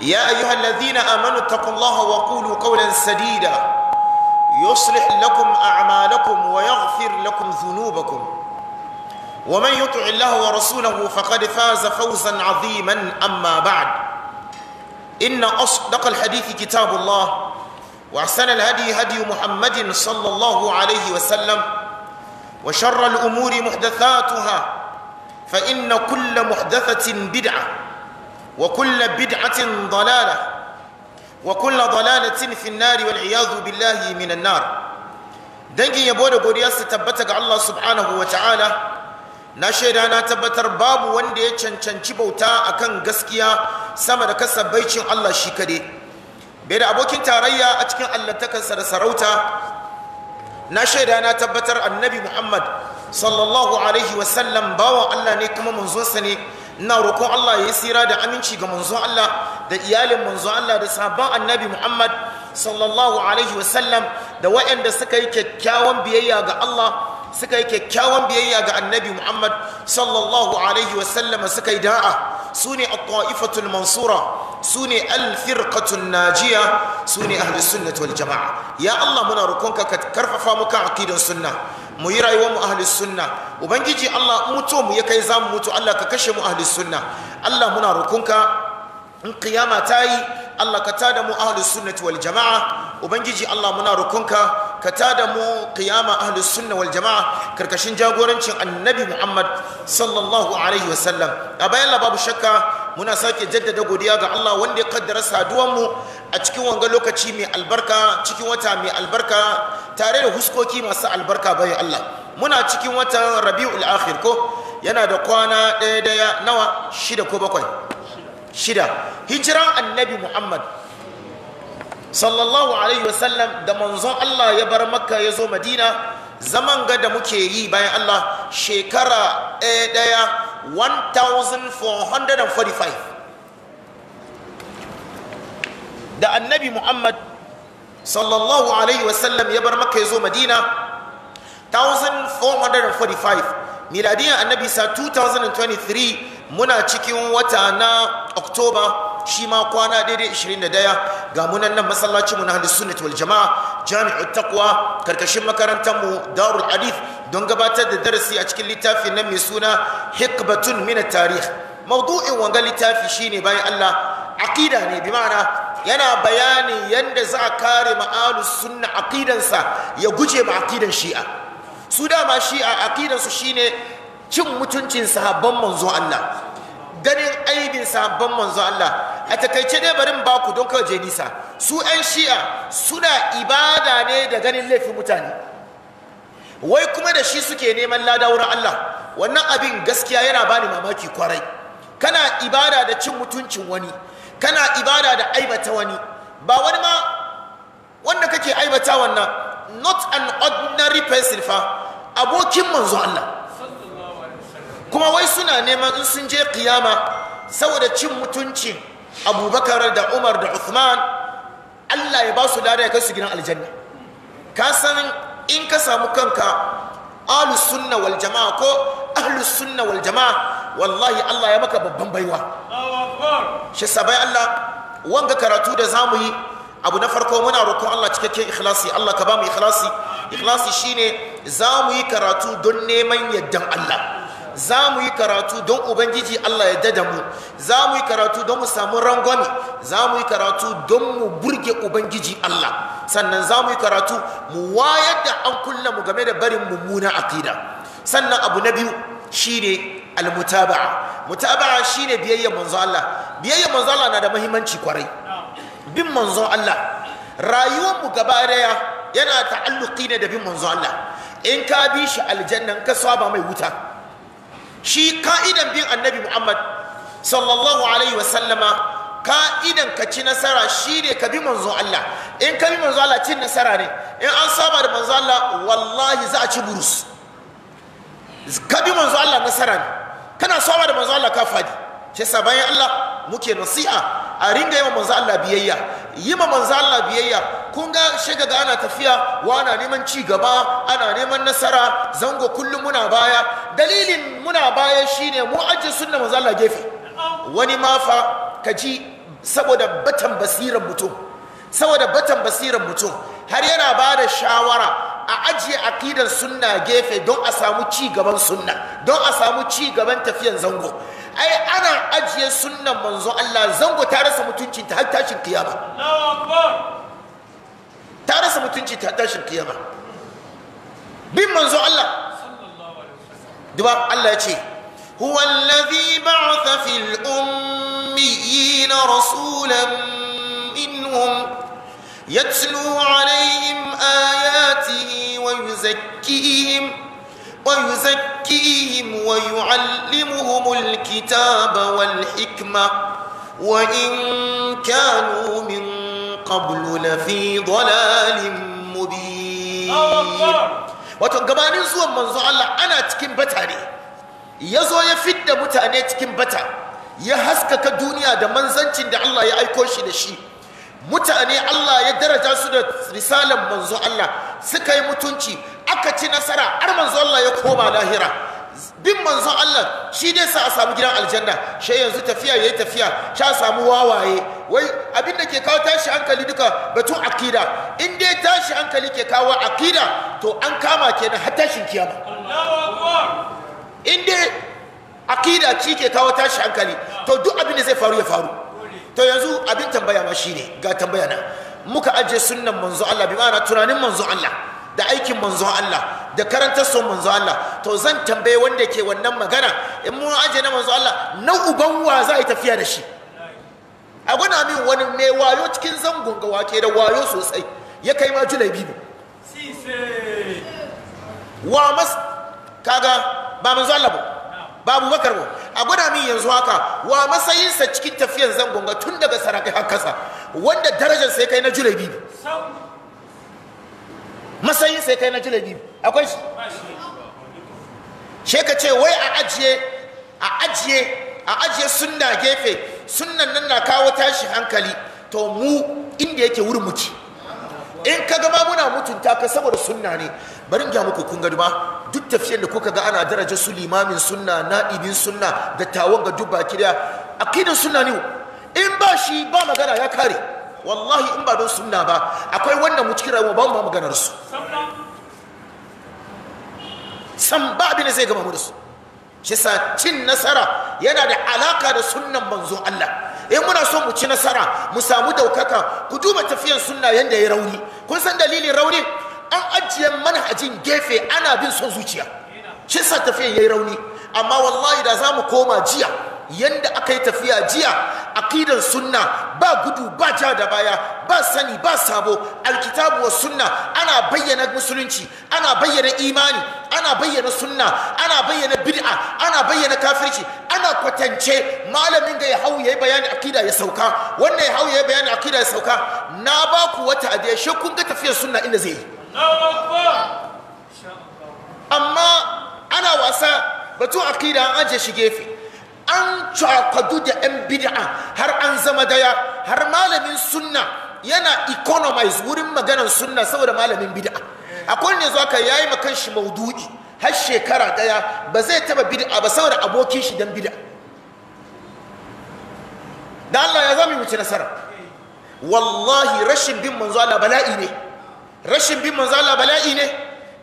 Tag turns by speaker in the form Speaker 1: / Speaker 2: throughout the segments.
Speaker 1: يا أيها الذين آمنوا اتقوا الله وقولوا قولا سديدا يصلح لكم أعمالكم ويغفر لكم ذنوبكم ومن يطع الله ورسوله فقد فاز فوزا عظيما أما بعد إن أصدق الحديث كتاب الله وأحسن الهدي هدي محمد صلى الله عليه وسلم وشر الأمور محدثاتها فإن كل محدثة بدعة وكل بدعة ضلالة وكل ضلالة في النار والعياذ بالله dangin yabo da godiya su tabbata ga Allah subhanahu wa ta'ala na shaida tabbatar babu wanda ya cancanci bauta akan gaskiya sama da kasabaicin Allah shi kade bai da abokin tarayya a cikin allattakansa da sarauta na shaida na tabbatar annabi muhammad sallallahu alaihi wasallam bawan Allah ne kuma manzonsa ne ina roƙon Allah ya yi tsira da aminci ga manzon Allah da iyalin manzo Allah da sabon annabi Muhammad sallallahu alaihi wasallam da waɗanda suka yi kyakkyawan biyayya ga Allah suka yi kyakkyawan biyayya ga annabi Muhammad sallallahu alaihi wasallam suka yi da'a su ne at-ta'ifatul mansura su ne al-firqatul najiya su ne ahlus sunnah wal jama'a ya Allah muna roƙonka ka karfafa muka aqidan sunna mu yi rayuwar mu ahli sunna ubangiji Allah mutu mu ya kai zamu mutu Allah ka kashe mu ahli sunna Allah muna rukunka in kiyama ta yi Allah ka tada mu ahli sunna wal jama'a ubangiji Allah muna rukunka ka tada mu kiyama ahlus sunna wal jama'a karkashin jagorancin annabi Muhammad sallallahu alaihi wa sallam a bayan babu shakka muna sake jaddada godiya ga Allah wanda ya kaddara saduwan mu a cikin wanga lokaci mai albarka cikin wata mai albarka tare da huskoki masu albarka bayan Allah muna cikin watan rabi'ul akhir ko yana da kwana ɗaya daya nawa shida ko bakwai shida hijiran annabi muhammad sallallahu alaihi wasallam da manzon Allah ya bar makka ya zo madina zaman ga da muke yi bayan Allah shekara ɗaya daya 1445 da annabi muhammad sallallahu alaihi wasallam ya bar maka ya zo madina 1445 miladiyar annabi sa 2023 muna cikin wata na oktoba shi ma kwana daidai 21 ga munan nan masallaci na hannun wal jama'a jami'ar takwa karkashin makarantarmu darul hadith don gabatar da darasi a cikin littafin na mai suna hikbatun mina tarih mawdu'in wangan littafi shine bayan Allah aqida ne bi ma'ana yana bayani yadda za a kare ma'alu sunna akidansa ya guje ma akidan shi'a su dama shi'a aqidansu shine cin mutuncin sahabban manzo Allah ganin aibin sahabban manzo Allah a takaice dai barin baku don kawai je nisa su 'yan shi'a suna ibada ne da ganin laifin mutane wai kuma da shi suke neman lada wurin Allah wannan abin gaskiya yana bani mamaki kwarai kana ibada da cin mutuncin wani kana ibada da aibata wani ba wani ma wanda kake aibata wannan not an ordinary person fa abokin manzo Allah kuma wai suna neman in sun je kiyama saboda cin mutunci abubakar da umar da uthman Allah ya ba su lada ya kai su gidan aljanna ka san in ka samu kanka ahlus sunna wal jama'a ko ahlus sunna wal jama'a wallahi Allah ya maka babban baiwa shi sabai Allah wanga karatu da zamu yi abu na farko muna roƙon Allah cikakken ikhlasi Allah ka ba mu ikhlasi ikhlasi shine zamu yi karatu don neman yaddan Allah za mu yi karatu don ubangiji Allah ya dada mu za mu yi karatu don mu samu rangwami za mu yi karatu don mu burge ubangiji Allah sannan za mu yi karatu mu wayar da an kulla mu game da barin mummuna aqida sannan abu na biyu shine almutaba'a mutaba'a shine biyayya manzo Allah biyayya manzo Allah na da muhimmanci kwarai bin manzo Allah rayuwar mu gaba daya yana ta'alluqi ne da bin manzo Allah in ka bi shi aljanna ka saba mai wuta shi ka'idan bin annabi Muhammad sallallahu alaihi wa sallama ka'idan ka ci nasara shine ka bi manzo Allah in ka bi manzo Allah cin nasara ne in an saba da manzo Allah wallahi za a ci burus ka bi manzo Allah nasara ne kana sawa da manzo Allah ka fadi shi yasa bayan Allah muke nasiha a ringa yi wa manzo Allah biyayya yi ma manzo Allah biyayya kun ga shiga ga ana tafiya wa ana neman ci gaba ana neman nasara zango kullum muna baya dalilin muna baya shine mu aje sunna manzo Allah gefe wani ma fa ka saboda batan basiran mutum saboda batan basiran mutum har yana ba da shawara a ajiye akidar sunna gefe don a samu ci gaban sunna don a samu ci gaban tafiyan zango ai ana ajiye sunnan manzo Allah zango ta rasa mutunci ta har tashin kiyama ta rasa mutunci ta tashin kiyama bin manzo Allah duba Allah ya ce huwa allazi ba'atha fil ummiyina rasulan minhum يتلو عليهم آياته ويزكيهم ويزكيهم ويعلمهم الكتاب والحكمة وإن كانوا من قبل لفي ضلال مبين wato gabanin zuwan manzo Allah ana cikin bata ne ya zo ya fidda mutane cikin bata ya haskaka duniya da manzancin da Allah ya aiko shi da shi mutane Allah ya daraja su da risalar manzo Allah suka yi mutunci aka ci nasara har manzo Allah ya koma lahira bin manzon Allah shi dai sa a samu gidan aljanna shi yanzu tafiya yayi tafiya sha samu wawaye wai abin da ke kawo tashi hankali duka batun akida in dai tashi hankali ke kawo akida to an kama kenan har tashin kiyama in dai akida ci ke kawo tashi hankali to duk abin da zai faru ya faru to yanzu abin tambaya ma shine ga tambaya na muka aje sunnan manzo Allah bi ma'ana tunanin manzo Allah da aikin manzo Allah da karantar son manzo Allah to zan tambaye wanda ke wannan magana in mun aje na manzo Allah na uban wa za a yi tafiya da shi a gwana min wani me wayo cikin zangon ga wake da wayo sosai ya kai ma julai ba wa mas kaga ba manzo Allah ba babu bakar mu a gwada min yanzu haka wa matsayinsa cikin tafiyar zangon ga tun daga sarakai har kasa wanda darajar sai kai na biyu. matsayin sai kai na biyu. akwai shi she ka ce wai a ajiye a ajiye a ajiye sunna gefe sunnan nan na kawo tashi hankali to mu inda yake wurin muci in ka gama muna mutunta ka saboda sunna ne bari gya muku kun gani ba duk tafiyar da kuka ga ana daraja su limamin sunna na'ibin sunna da tawon ga dubba baki daya aqidin sunna ne in ba shi ba magana ya kare wallahi in ba don sunna ba akwai wanda mu cikin rayuwa ba mu maganar su san ba abin da zai gama mu da su shi sa cin nasara yana da alaka da sunnan manzo Allah in muna so mu ci nasara mu samu daukaka ku duba tafiyar sunna yanda ya rauni kun san dalilin rauni an ajiye manhajin gefe ana bin son zuciya shi sa tafiyan yayi rauni amma wallahi da zamu koma jiya yanda aka yi tafiya jiya aqidan sunna ba gudu ba ja da baya ba sani ba sabo alkitabu was sunna ana bayyana musulunci ana bayyana imani ana bayyana sunna ana bayyana bid'a ana bayyana kafirci ana kwatance malamin da ya hau yayi bayani akida ya sauka wannan ya hau yayi bayani akida ya sauka na ba ku wata adiya shi kun ga tafiyar sunna inda zai yi amma ana wasa batun akida an aje shi gefe an cakwadu da 'yan bid'a har an zama daya har malamin sunna yana economize wurin maganar sunna saboda malamin bid'a akwai ne zuwa kan yayi makan shi maudu'i har shekara daya ba zai taba bid'a ba saboda abokin shi dan bid'a da Allah ya zama mu ci nasara wallahi rashin bin manzo Allah bala'i ne rashin bin manzo Allah bala'i ne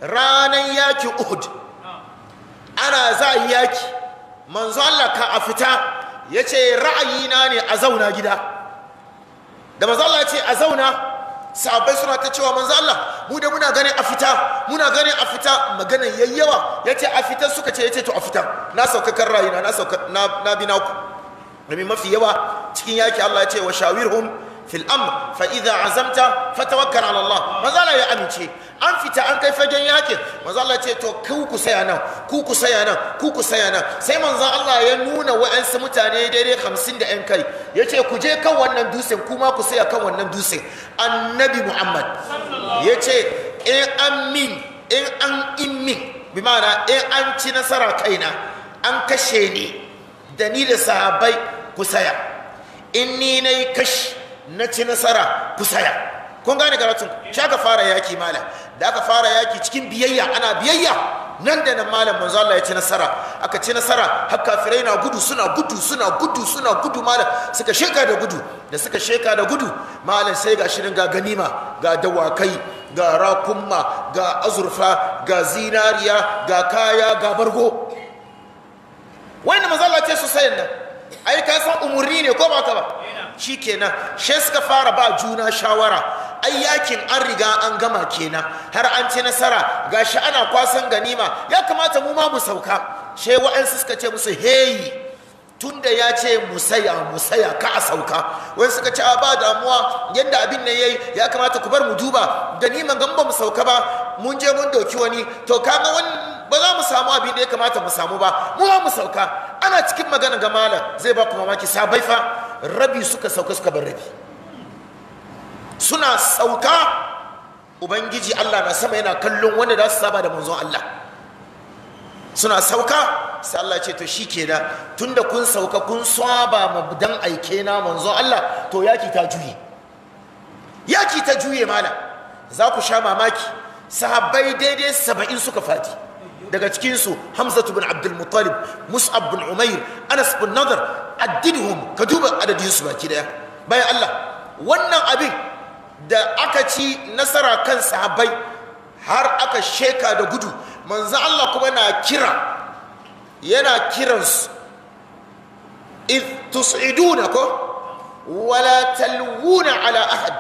Speaker 1: ranan yaki Uhud ana za yaki manzo Allah ka a fita yace ra'ayina ne a zauna gida da manzo Allah yace a zauna sahabbai suna ta cewa manzo Allah mu da muna ganin a fita muna ganin a fita maganar yayyawa yace a fita suka ce yace to a fita na sauka kan na sauka na bi domin mafi yawa cikin yaki Allah ya ce wa shawirhum fil amr fa idza azamta fatawakkal ala Allah manzo Allah ya amince an fita an kai fagen yakin manzo Allah ce to ku ku saya nan ku ku saya nan ku ku saya nan sai manzo Allah ya nuna wa'ansu mutane daidai 50 da yan kai yace ku je kan wannan dutsen kuma ku saya kan wannan dutsen annabi Muhammad yace in an in an bi ma'ana in an ci nasara kaina an kashe ni da ni da sahabbai ku saya in ni nayi kashi na ci nasara ku saya kun gane karatun shi aka fara yaki malam da aka fara yaki cikin biyayya ana biyayya nan da nan malam manzo Allah ya ci nasara aka ci nasara har kafirai na gudu suna gudu suna gudu suna gudu malam suka sheka da gudu da suka sheka da gudu malam sai ga shirin ga ganima ga dawakai ga rakumma ga azurfa ga zinariya ga kaya ga bargo Wani manzo Allah ya ce su sayin nan ai ka san umurni ne ko ba ka ba shi kenan shi suka fara ba juna shawara ai yakin an riga an gama kenan har an ci nasara ga shi ana kwasan ganima ya kamata mu ma mu sauka she wa'ansu suka ce musu heyi tunda ya ce musaya musaya ka a sauka wani suka ce a ba damuwa yadda abin nan yayi ya kamata ku bar mu duba Ganima gan ba mu sauka ba mun je mun doki wani to kaga wani ba za mu samu abin da ya kamata mu samu ba mu ma mu sauka ana cikin magana ga malam zai ba ku mamaki sabai fa rabi suka sauka suka bar rabi suna sauka ubangiji Allah na sama yana kallon wanda za su saba da manzon Allah suna sauka sai Allah ce to shi kenan tunda kun sauka kun saba ma dan aike na manzon Allah to yaki ta juye yaki ta juye mana za ku sha mamaki sahabbai daidai saba'in suka fadi daga cikinsu hamzatu bin abdulmutalib mus'ab bin umair anas bin nadar addinihum ka duba adadinsu baki daya bayan allah wannan abin da aka ci nasara kan sahabbai har aka sheka da gudu manzan allah kuma na kira yana kiransu إذ تصعدونكم ولا تلوون على أحد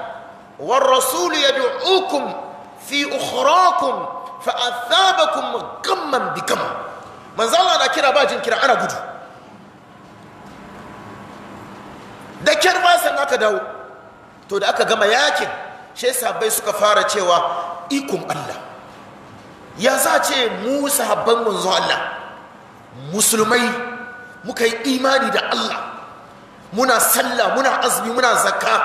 Speaker 1: والرسول يدعوكم في أخراكم fa athabakum gamman bi gam Allah na kira ba jin kira ana gudu da kyar ba san aka dawo to da aka gama yakin shi sabai suka fara cewa ikon Allah ya za ce mu sahabban manzo Allah musulmai muka yi imani da Allah muna sallah muna azumi muna zakka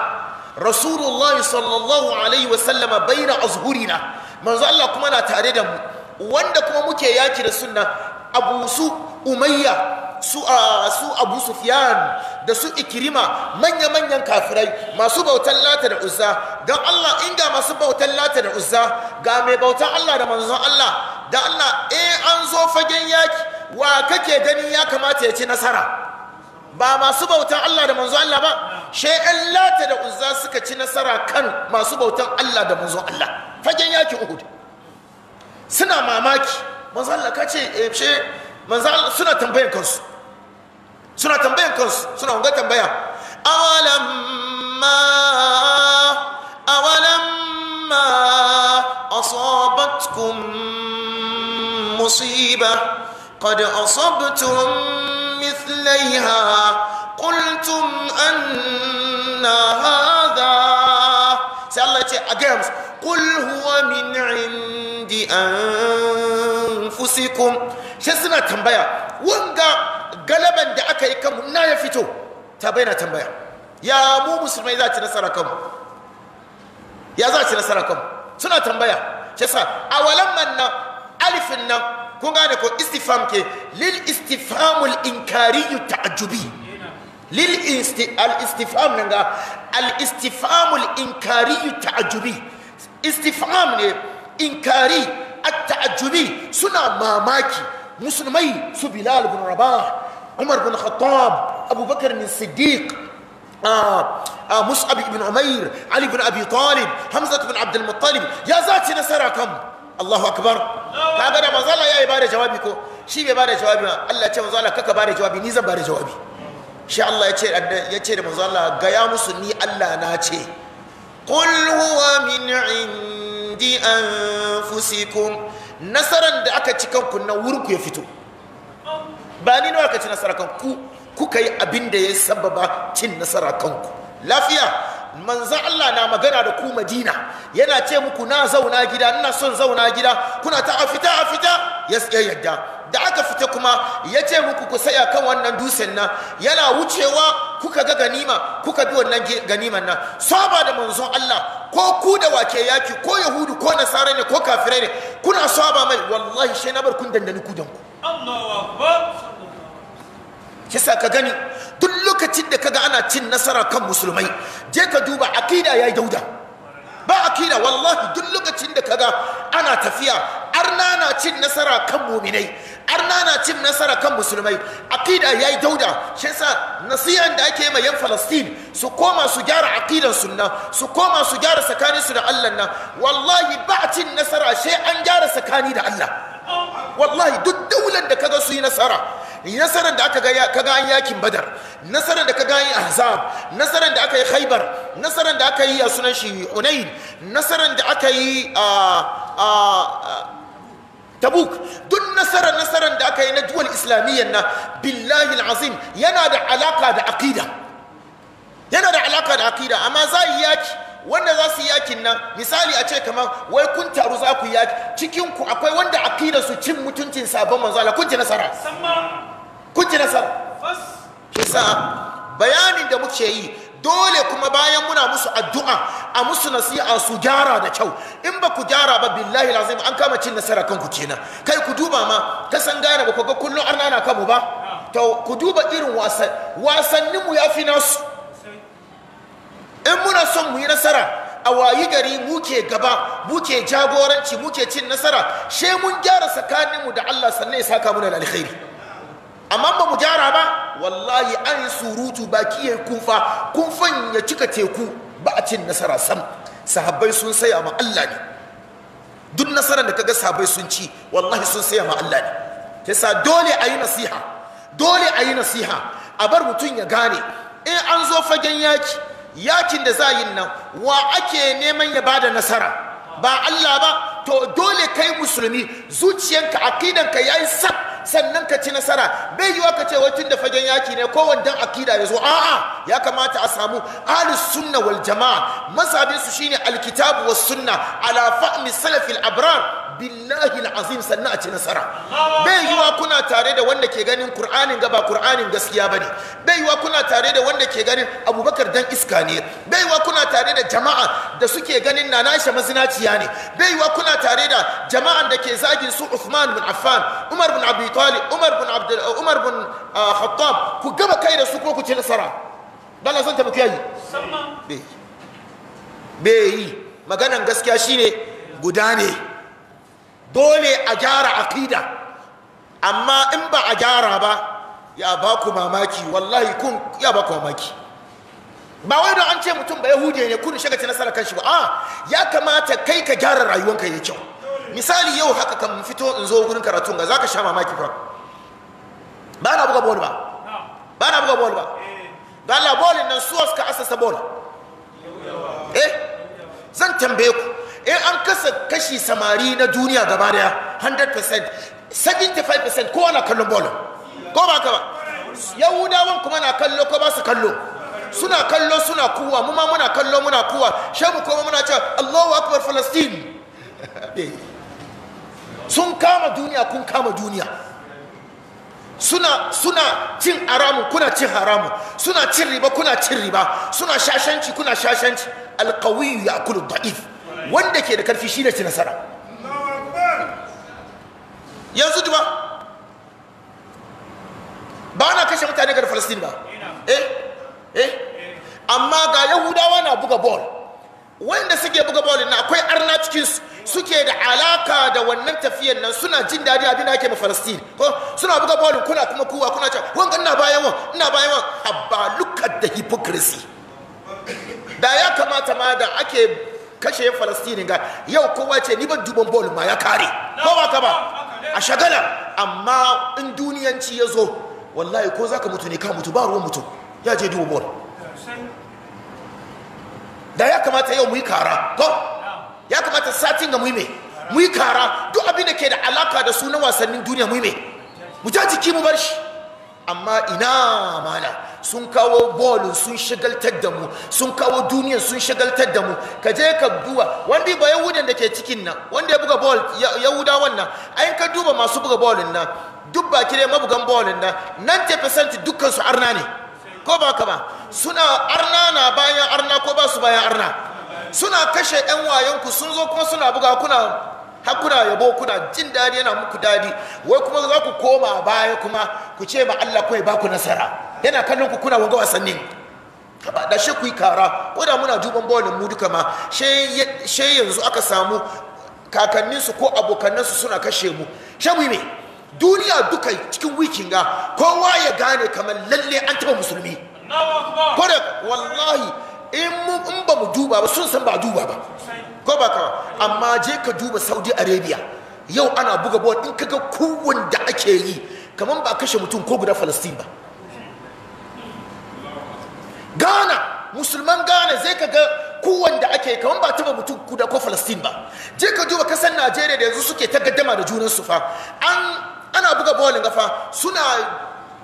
Speaker 1: rasulullahi sallallahu alaihi wasallama baina azhurina manzo Allah kuma na tare da mu wanda kuma muke yaki da sunna abu su umayya su a su abu sufyan da su ikirima manya-manyan kafirai masu bautan lata da uzza don Allah inga masu bautan lata da uzza ga mai bautan Allah da manzon Allah da Allah eh an zo fagen yaki wa kake gani ya kamata ya ci nasara ba masu bautan Allah da manzo Allah ba shay'an lata da uzza suka ci nasara kan masu bautan Allah da manzo Allah fagen yakin uhud suna mamaki manzo Allah kace eh she manzo suna tambayan kansu suna tambayan kansu suna hunga tambaya awalam ma awalam ma asabatkum musiba قد أصبتم مثليها قلتم أن هذا sai Allah ya ce a gaya musu qul huwa min indi anfusikum shi suna tambaya wanga galaban da aka yi kanmu na ya fito ta bayyana tambaya ya mu musulmai za ci nasara kanmu ya za ci nasara kanmu suna tambaya shi sa a walamman nan alifin nan kun gane ko istifam ke lil istifamul inkariyu ta'ajjubi للاستفهام نغا نعم. الاستفهام الانكاري التعجبي استفهام نعم. انكاري التعجبي سنا ماماكي مسلمي سو بلال بن رباح عمر بن الخطاب ابو بكر بن الصديق آه آه مصعب بن عمير علي بن ابي طالب حمزه بن عبد المطلب يا ذات نسركم الله اكبر هذا ما زال يا اباره جوابكم شي اباره جوابنا الله تشوف زال كك اباره جوابي ني زباره جوابي. shi Allah ya ce da manzo Allah gaya musu ni Allah na ce qul huwa min indi anfusikum nasaran da aka ci kanku na wurku ya fito ba ni nawa ka ci nasara kanku kuka yi abin da ya sababa cin nasara kanku lafiya manzan Allah na magana da ku Madina yana ce muku na zauna gida ina son zauna gida kuna ta a fita a fita ya yadda da aka fita kuma ya ce muku ku saya kan wannan dusen nan yana wucewa kuka ga ganima kuka bi wannan ganiman nan saba da manzon Allah ko ku da wake yaki ko yahudu ko nasara ne ko kafirai ne kuna saba mai wallahi shi na bar kun dandani ku danku
Speaker 2: Allahu akbar
Speaker 1: kisa ka gani duk lokacin da kaga ana cin nasara kan musulmai je ka duba akida yayi dauda ba akida wallahi duk lokacin da kaga ana tafiya arna na cin nasara kan muminai arna na cin nasara kan musulmai akida yayi dauda shi yasa nasihan da ake ma yan falastin su koma su gyara akidan sunna su koma su gyara tsakanin su da Allah na wallahi ba cin nasara sai an gyara tsakani da Allah wallahi duk daular da kaga su yi nasara nasarar da aka ga an yakin badar nasarar da kaga an ahzab nasarar da aka yi khaybar nasarar da aka yi a sunan shi unayd nasarar da aka yi a tabuk duk nasarar nasarar da aka yi na duwal islamiyyar na billahi azim yana da alaka da aqida yana da alaka da aqida amma za yi yaki wanda za su yi yakin nan misali a ce kamar wai kun taru za ku yaki cikin ku akwai wanda akida su cin mutuncin sabon manzo Allah kun ci nasara kun ci nasara sa bayanin da muke yi dole kuma bayan muna musu addu'a a musu nasiha su gyara da kyau in ba ku gyara ba billahi lazim an kama cin nasara kanku kenan kai ku duba ma ka san gane ba ku ga kullun arna na kamu ba to ku duba irin wasan wasanninmu ya fi nasu in muna son mu yi nasara a wayi gari muke gaba muke jagoranci muke cin nasara she mun gyara tsakaninmu da Allah sannan ya saka muna da alkhairi amma ba mu gyara ba wallahi an yi surutu baki ya kunfa kunfan ya cika teku ba a cin nasara sam sahabbai sun saya ma Allah ne duk nasarar da kaga sahabbai sun ci wallahi sun saya ma Allah ne yasa dole ayi nasiha dole a yi nasiha a bar mutum ya gane in an zo fagen yaki yakin da za yin nan wa ake neman ya bada nasara ba Allah ba to dole kai musulmi zuciyanka akidanka yayi sab sannan ka ci nasara bai yiwa ka ce wai da fagen yaki ne ko wandan akida ya zo a'a ya kamata a samu ahli sunna wal jamaa shine alkitabu was sunna ala fahmi salafil abrar billahi azim sannan a ci nasara bai yiwa kuna tare da wanda ke ganin kur'anin gaba kur'anin gaskiya bane bai yiwa kuna tare da wanda ke ganin abubakar dan iska ne bai yiwa kuna tare da jama'a da suke ganin na nasha mazinaciya ne bai yiwa kuna tare da jama'an da ke zagin su Uthman bin Affan Umar bin Abi Talib Umar bin Abdul Umar bin ah, Khattab ku gaba kai da su ko ku ci nasara dan zan san ta muku yayi bai yi maganan gaskiya shine guda ne dole a gyara aƙida amma in ba a gyara ba ya ba ku mamaki wallahi kun ya ba ku mamaki ba wai don an ce mutum ba yahudiya ne kun shiga ci nasara kan shi ba a ah, ya kamata kai ka gyara rayuwanka ya kyau misali yau haka kan fito in zo wurin karatun ga zaka sha mamaki fa ba na buga bol ba ba na buga bol ba ga Allah bolin nan suwas ka asasa bol eh zan tambaye ku in an kasa kashi samari na duniya gaba daya 100% 75% kowa na kallon bolo ko ba ka ba yahudawan kuma na kallo ko ba su kallo suna kallo suna kuwa mu ma muna kallo muna kuwa mu kuma muna cewa allahu akbar falastin sun kama duniya kun kama duniya suna suna cin haramun kuna cin haramun suna cin riba kuna cin riba suna shashanci kuna shashanci alkawiyu ya kulu da'if wanda ke da karfi shi da ci nasara yanzu duba ba na kashe mutane ga falastin ba eh eh amma ga yahudawa na buga ball wanda suke buga ball na akwai arna cikin suke da alaka da wannan tafiyan nan suna jin dadi abin da ake ma falastin ko suna buga ball kuna kuma kuwa kuna cewa wanga ina bayan wa ina bayan wa abba look at hypocrisy da ya kamata ma da ake kashe falastini ga yau kowa ce ni ban duban bol ma ya kare kowa ka ba a shagala amma in duniyanci ya zo wallahi ko za ka mutu ne ka mutu ba ruwan mutu. ya je duba bol da ya kamata yau mu yi kara ko ya kamata satin ga mu yi mai mu yi kara duk abin da ke da alaka da sunan wasannin duniya mu yi mai mu ja jiki mu bar shi amma ina mala sun kawo bolin sun shigaltar da mu sun kawo duniyar sun shigaltar da mu ka je ka duba wanda ba yahudan da ke cikin nan wanda ya buga bol yahuda wannan ai ka duba masu buga bolin nan duk ba kire mabugan bolin nan percent dukkan su arna ne ko ba ka ba suna arna na bayan arna ko ba su bayan arna suna kashe yan wayanku sun zo kuma suna buga kuna har kuna yabo kuna jin dadi yana muku dadi wai kuma za ku koma baya kuma ku ce ma Allah kawai ba ku nasara yana kallon ku kuna wanga wasannin ba da shi ku yi kara ko da muna duban bawalin mu duka ma she yanzu aka samu kakanninsu ko abokanansu suna kashe mu she mu duniya duka cikin wikin ga kowa ya gane kamar lalle an taba musulmi ko da wallahi in ba mu duba ba sun san ba duba ba ko kawa amma je ka duba saudi arabia yau ana buga bawa in kaga kowon da ake yi kamar ba kashe mutum ko guda falastin ba ghana musulman ghana zai kaga kowon da ake kamar ba taba mutum guda ko falastin ba je ka duba kasar najeriya da yanzu suke ta gaddama da junansu fa an ana buga bolin lingafa suna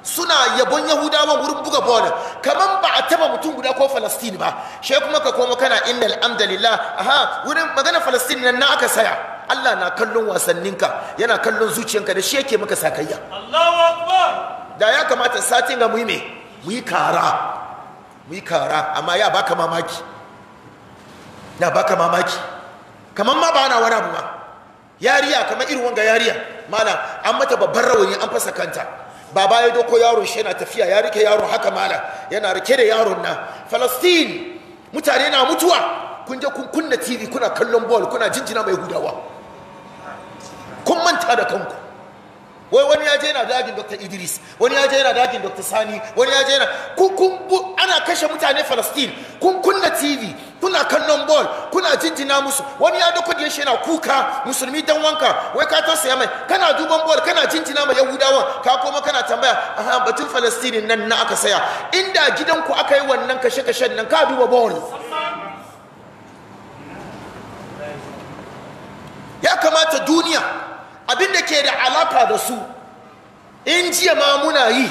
Speaker 1: suna yabon yahudawa wurin buga bol kaman ba a taba mutum guda ko Falastini ba shi kuma ka koma kana inda alhamdulillah aha wurin magana falastini nan na aka saya Allah na kallon wasanninka yana kallon zuciyanka da shi yake maka sakayya Allahu akbar da ya kamata satin ga muhimmi, mu yi kara mu yi kara amma ya baka mamaki na baka mamaki kaman ma ba na wani abu ba yariya kamar irin wanga yariya mana an mata babbar rawani an fasa kanta baba ya doko yaron shi yana tafiya ya rike yaro haka mala yana rike da yaron na falastin mutane na mutuwa kun je kun kunna tv kuna kallon ball kuna jinjina mai gudawa kun manta da kanku wai wani ya je yana dagin dr idris wani ya je yana dagin dr sani wani ya je yana kun ana kashe mutane falastin kun kunna tv kuna kallon ball kuna jinjina musu wani ya doko da yana kuka musulmi dan wanka wai ka tausaya mai kana duban ball kana jinjina mai yahudawa ka koma kana tambaya aha batun falastinin nan na aka saya inda ku aka yi wannan kashe kashen nan ka duba ball ya kamata duniya abin da ke da alaka da su in jiya ma muna yi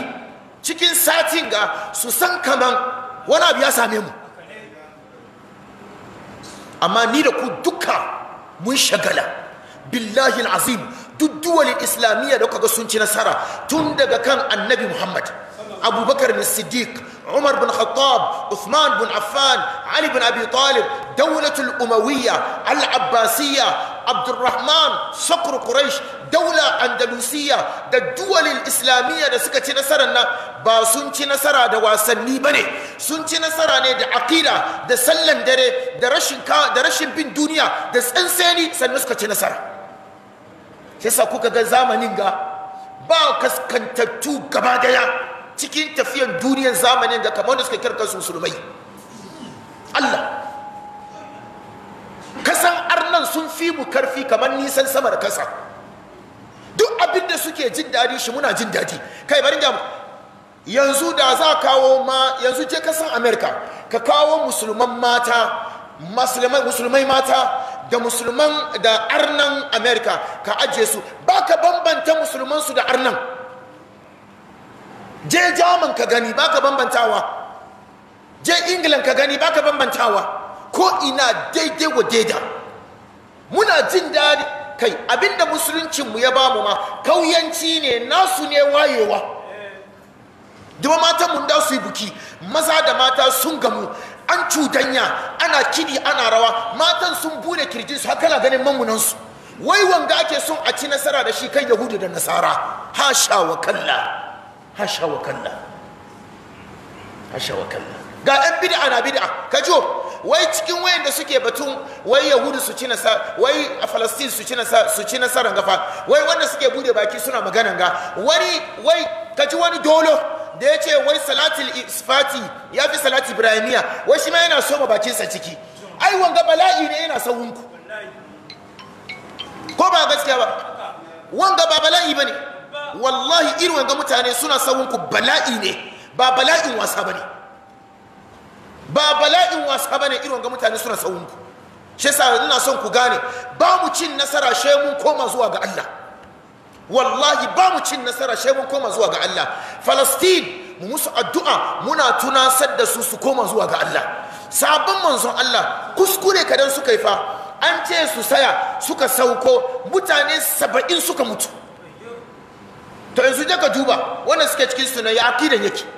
Speaker 1: cikin satin ga su san kaman wani abu ya same mu amma ni da ku duka mun shagala billahi azim duk duwalin islamiyya da kuka sun ci nasara tun daga kan annabi muhammad abubakar bin siddiq umar bin khattab usman bin affan ali bin abi talib daulatul umawiyya al-abbasiyya abdurrahman sakur quraish daula andalusiya da duwalin islamiyya da suka ci nasarar nan ba sun ci nasara da wasanni ba ne sun ci nasara ne da akida da sallan dare da rashin bin duniya da tsantseni sannan suka ci nasara shi sa kuka ga zamanin ga ba kaskantattu gaba daya cikin tafiyan duniyar zamanin da kamar da suka kirkar musulmai Allah kasan arnan sun fi mu karfi kamar nisan samar kasa duk abin da suke jin daɗi shi muna jin daɗi kai bari da yanzu da za kawo ma yanzu je kasan amerika ka kawo musulman mata musulmai mata da musulman da arnan amerika ka ajiye su ba ka bambanta musulman su da arnan je jaman ka gani ba ka bambantawa je england ka gani ba ka bambantawa ko ina daidai wa daida muna jin daɗi kai abinda musuluncinmu ya bamu ma kauyanci ne nasu ne wayewa duba mata mun da su yi buki maza da mata sun gamu an cudanya ana kidi ana rawa matan sun bude kirjinsu haka na ganin mamunansu wai wanda ake son a ci nasara da shi kan yahudu da nasara hasha wa hasha wa hasha wa ga 'yan bid'a na bid'a ka jiyo wai cikin wayan da suke batun wai yahudu su ci nasara wai a falastin su ci nasara su ci gafa wai wanda suke bude baki suna magana ga wani wai ka ji wani dolo da ya ce wai salatul isfati ya fi salati ibrahimiya wai shi ma yana soma bakinsa ciki ai wanga bala'i ne yana sawunku ko ba gaskiya ba wanga ba bala'i bane wallahi irin wanga mutane suna sawunku bala'i ne ba bala'in wasa bane ba bala'in wasa ba ne irin ga mutane suna tsawon ku shi sa ina son ku gane ba mu cin nasara shi mun koma zuwa ga Allah wallahi ba mu cin nasara shi mun koma zuwa ga Allah Falastin mu musu addu'a muna tunasar da su su koma zuwa ga Allah sabon manzon Allah kuskure kadan suka yi fa an ce su saya suka sauko mutane saba'in suka mutu to yanzu je ka duba wanda suke cikin su na ya yake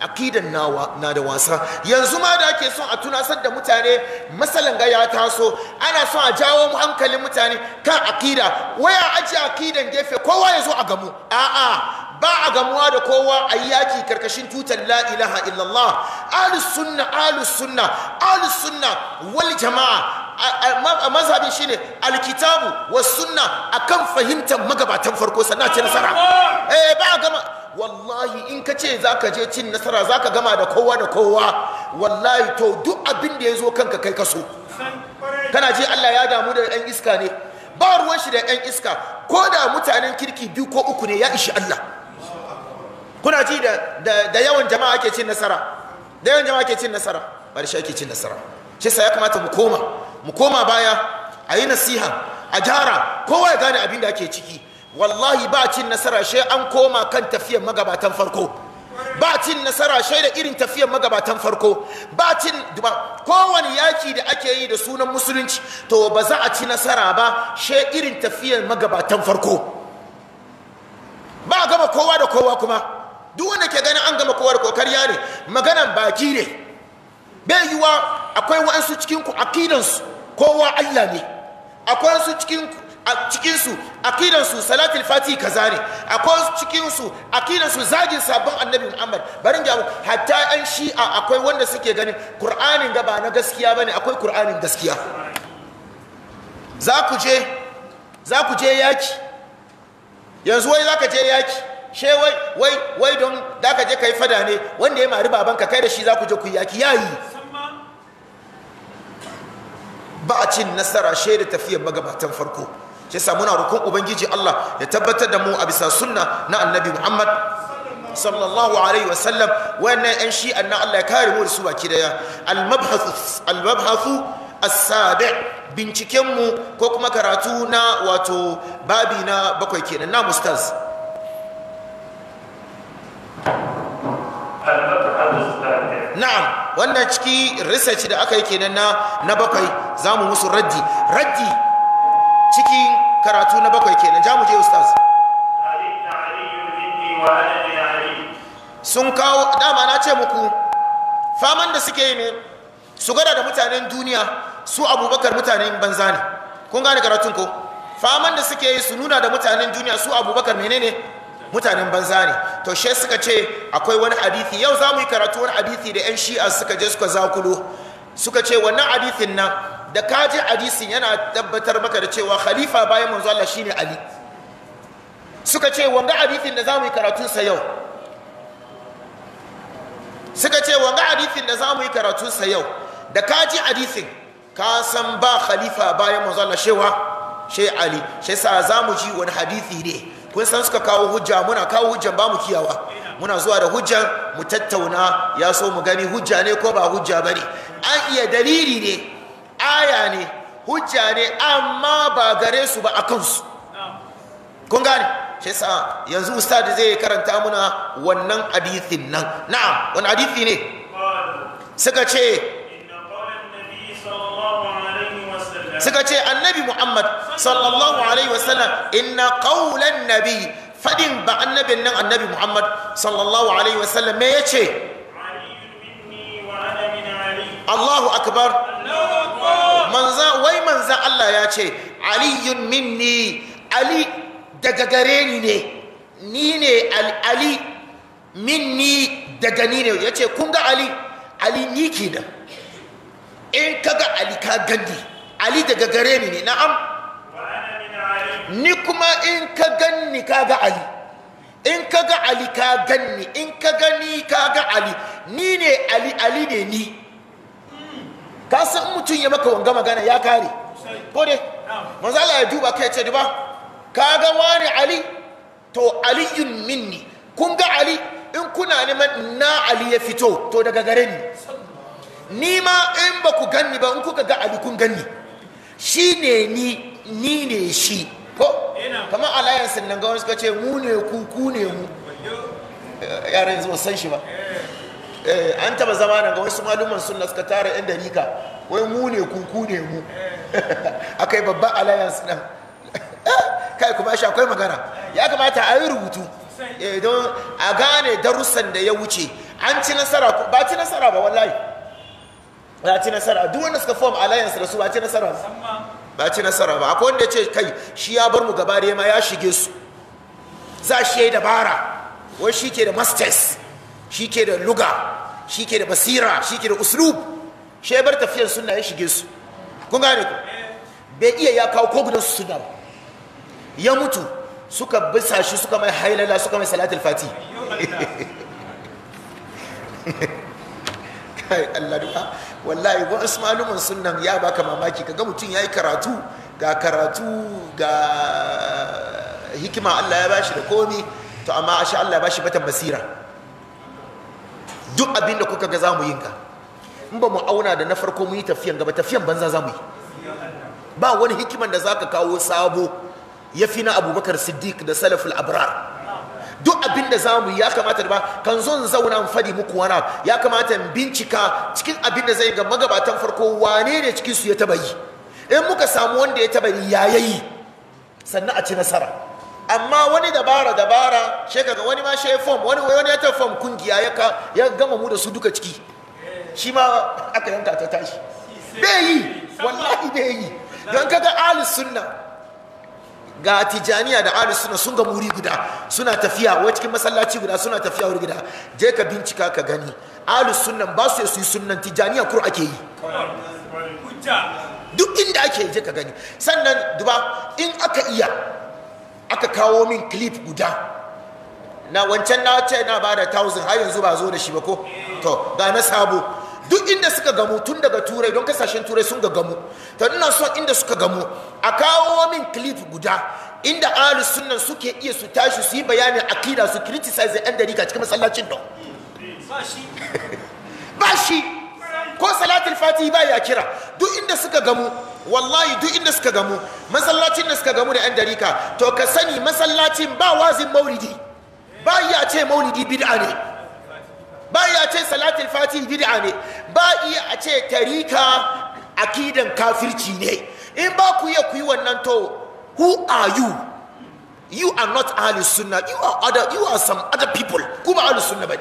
Speaker 1: aqidan na da wasa yanzu ma da ake son a tunasar da mutane masalan ga ya taso ana son a jawo hankalin mutane kan akida waya aji akidan gefe kowa yazo a gamu a'a ba a gamuwa da kowa a yaki karkashin tutar la ilaha illallah ahlus sunna ahlus sunna ahlus sunna wal jama'a mazhabin shine alkitabu was sunna akan fahimtar magabatan farko sannan ce nasara eh ba a wallahi in ka ce za ka je cin nasara za ka gama da kowa da kowa wallahi to duk abin da ya zo kanka kai kaso kana ji allah ya damu da yan iska ne ba ruwan shi da yan iska ko da mutanen kirki biyu ko uku ne ya ishi allah kuna ji da yawan jama'a ke cin nasara da yawan jama'a ke cin nasara ba da shi cin nasara shi sa ya kamata mu koma mu koma baya a yi nasiha a jara kowa ya gane abin da ake ciki wallahi ba cin nasara shai an koma kan tafiyar magabatan farko ba cin nasara shai da irin tafiyar magabatan farko ba cin duba kowane yaki da ake yi da sunan musulunci to ba za a ci nasara ba shai irin tafiyar magabatan farko ba a gama kowa da kowa kuma duk wanda ke gani an gama kowa da kokar yare maganan baki ne bai yiwa akwai wa'ansu cikinku akidansu kowa allah ne akwai wa'ansu cikinku a cikinsu akidansu salatul fati kaza ne akwai cikinsu akidansu zagin sabon annabi muhammad barin jawo hatta shi shi'a akwai wanda suke ganin kur'anin gaba na gaskiya bane akwai ƙur'anin gaskiya za ku je za ku je yaki yanzu wai za ka je yaki she wai wai wai don da ka je ka yi fada ne wanda ya mari babanka kai da shi za ku je ku yaki yayi ba a cin nasara shaida tafiyar magabatan farko shi yasa muna roƙon ubangiji Allah ya tabbatar da mu a bisa sunna na annabi Muhammad sallallahu alaihi wasallam wannan yan shi anna Allah ya kare mu da su baki daya al-mabhath al-mabhath as-sabi' binciken mu ko kuma karatu na wato babi na bakwai kenan na mustaz na'am wannan ciki research da aka yi kenan na na bakwai zamu musu raddi raddi cikin karatu na bakwai kenan ja mu je ustaz sun kawo dama na ce muku faman da suke yi ne su gada da mutanen duniya su abubakar mutanen banza ne kun gane karatun ko faman da suke yi su nuna da mutanen duniya su abubakar menene mutanen banza ne to shi suka ce akwai wani abithi yau za mu yi karatu wani abithi da 'yan shi'a suka je suka zakulo suka ce wannan hadisin nan da ka ji hadisin yana tabbatar maka da cewa khalifa bayan manzo Allah shine Ali suka ce wanga hadisin da zamu yi karatun sa yau suka ce wanga hadisin da zamu yi karatun sa yau da ka ji hadisin ka san ba khalifa bayan manzo Allah shewa she Ali she sa zamu ji wani hadisi ne kun san suka kawo hujja muna kawo hujjan ba mu kiyawa muna zuwa da hujjan mu tattauna ya so mu gani hujja ne ko ba hujja bane an iya dalili ne aya ne hujja ne amma ba gare su ba a kansu kun gane shi sa yanzu ustadi zai karanta muna wannan hadithin nan na'am wani hadithi ne suka ce suka ce annabi muhammad sallallahu alaihi wasallam inna qawlan nabi fadin ba annabin nan annabi muhammad sallallahu alaihi wasallam me yace ce Allahu akbar manza wai manza Allah ya ce aliyun minni ali daga gare ni ne ni ne ali minni daga ni ne ya ce kun ga ali ali ni kenan in ka ga ali ka gani ali daga gare ni ne na'am ni kuma in ka ganni ka ga ali in ka ga ali ka ganni in ka gani ka ga ali ni ne ali ali ne ni ka san mutum ya maka wanga magana ya kare ko dai manzala ya duba kai ce duba ka ga wani ali to aliyun minni kun ga ali in kuna neman na ali ya fito to daga gare ni ni ma in ba ku ganni ba in kuka ga ali kun ganni shi ne ni ni ne shi ko kamar alliance nan ga wani suka ce mu ne ku ku ne mu yaran zuwa san shi ba Eh, an taba zama nan ga wasu malaman sunna suka tara yan dalika wai mu ne ku ku ne mu akai babban alliance nan eh, kai kuma shi akwai magana ya kamata a yi rubutu eh, don a gane darussan da ya wuce an ci nasara ba ci nasara ba wallahi ba ci nasara duk wanda suka form alliance da su ba ci nasara ba ci nasara ba akwai wanda ya ce kai shi ya bar mu gaba da ma ya shige su za shi ya yi dabara wai shi ke da masters shi ke da lugar shi ke da basira shi ke da uslub shi ya bar tafiyar suna ya shige su kun gane ku bai iya ya kawo ko gudan suna ya mutu suka bisa shi suka mai hailala suka mai salatul fati kai Allah duka wallahi wa sunnan ya baka mamaki kaga mutum yayi karatu ga karatu ga hikima Allah ya bashi da komi to amma asha Allah ya bashi batan basira duk abinda kuka ga zamu yi. in ba mu auna da na farko mu yi tafiyan gaba tafiyan banza zamu yi ba wani hikiman da zaka kawo sabo ya fi na abubakar siddiq da salaful abrar duk abinda zamu yi ya kamata da ba kan zo zauna fadi muku wani ya kamata in bincika cikin abinda zai ga magabatan farko wane ne cikin su ya taba yi in muka samu wanda ya taba yi ya yayi sannan a ci nasara amma wani dabara dabara shi kaga wani ma ya form wani wani ya ta form kungiya ya ka ya gama mu da su duka ciki shi ma aka yanka ta tashi bai yi wallahi bai yi don kaga ahlus sunna ga tijaniya da ahlus sunna sun ga muri guda suna tafiya wa cikin masallaci guda suna tafiya wuri guda je ka bincika ka gani ahlus sunna ba su su yi sunnan tijaniya kur ake yi duk inda ake je ka gani sannan duba in aka iya aka kawo min clip guda na wancan na ce na ba da tausin har yanzu ba zo da shi ba ko to ga na sabo duk inda suka gamu tun daga turai don kasashen turai sun ga gamu to ina so inda suka gamu a kawo min clip guda inda ahli sunnan suke iya su tashi su yi bayanin akida su criticize yan dariƙa cikin masallacin don ba shi ko salatin Fati ba ya kira duk inda suka gamu wallahi duk inda suka gamu masallacin da suka gamu da yan dariƙa to ka sani masallacin ba wazin mauridi ba iya ce maulidi bid'a ne ba iya ce salatul fatih bid'a ne ba iya a ce tarika akidan kafirci ne in ba ku iya ku yi wannan to who are you you are not ahli sunna you are other you are some other people kuma ahli sunna bane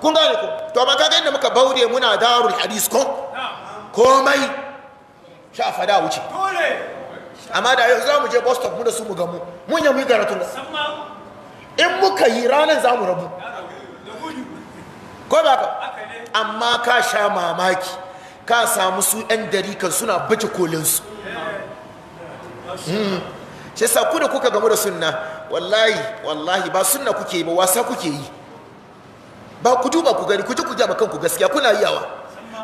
Speaker 1: kun gane ko to amma kaga inda muka baure muna darul hadis ko komai sha fada wuce amma da yau za mu je bus stop mu da su mu gamu mun yi mu karatun in muka yi ranar za mu rabu ko ba ka amma ka sha mamaki ka samu su 'yan darikan suna baje kolinsu hmm. shi sa ku da kuka gamu da sunna wallahi wallahi ba sunna kuke yi ba wasa kuke yi ba ku duba ku gani ku ji ku jama kanku gaskiya kuna yawa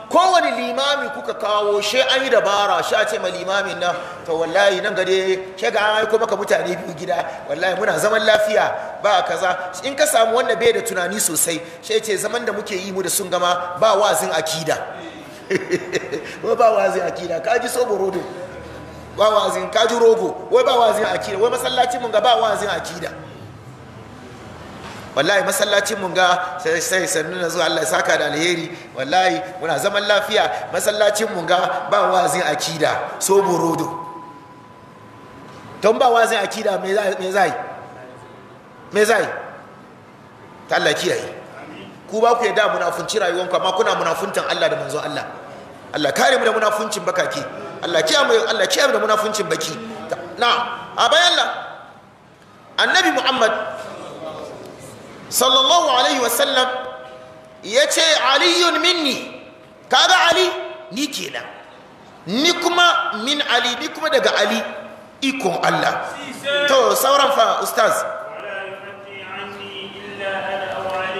Speaker 1: kowane limami kuka kawo shi an yi dabara shi a ce ma limamin nan to wallahi nan gade shi ga an aiko maka mutane biyu gida wallahi muna zaman lafiya ba a kaza in ka samu wanda bai da tunani sosai shi ce zaman da muke yi mu da sun gama ba wazin akida wai ba wazin akida ka ji soborodo ba wazin ka ji rogo wai ba wazin akida wai masallacin mun ga ba wazin akida wallahi masallacin mun ga sai sannu na zuwa Allah ya saka da alheri wallahi muna zaman lafiya masallacin mun ga ba wazin akida so burodo don ba wazin akida me zai me zai ta Allah kiyaye ku ba ku yadda munafunci rayuwanku amma kuna munafuntan Allah da manzon Allah Allah kare mu da munafuncin bakake Allah kiyaye Allah kiyaye da munafuncin baki na a bayan Allah annabi Muhammad sallallahu alaihi wasallam ya ce aliyun minni kaga ali ni kenan ni kuma min ali ni kuma daga ali ikon Allah to sauran fa ustaz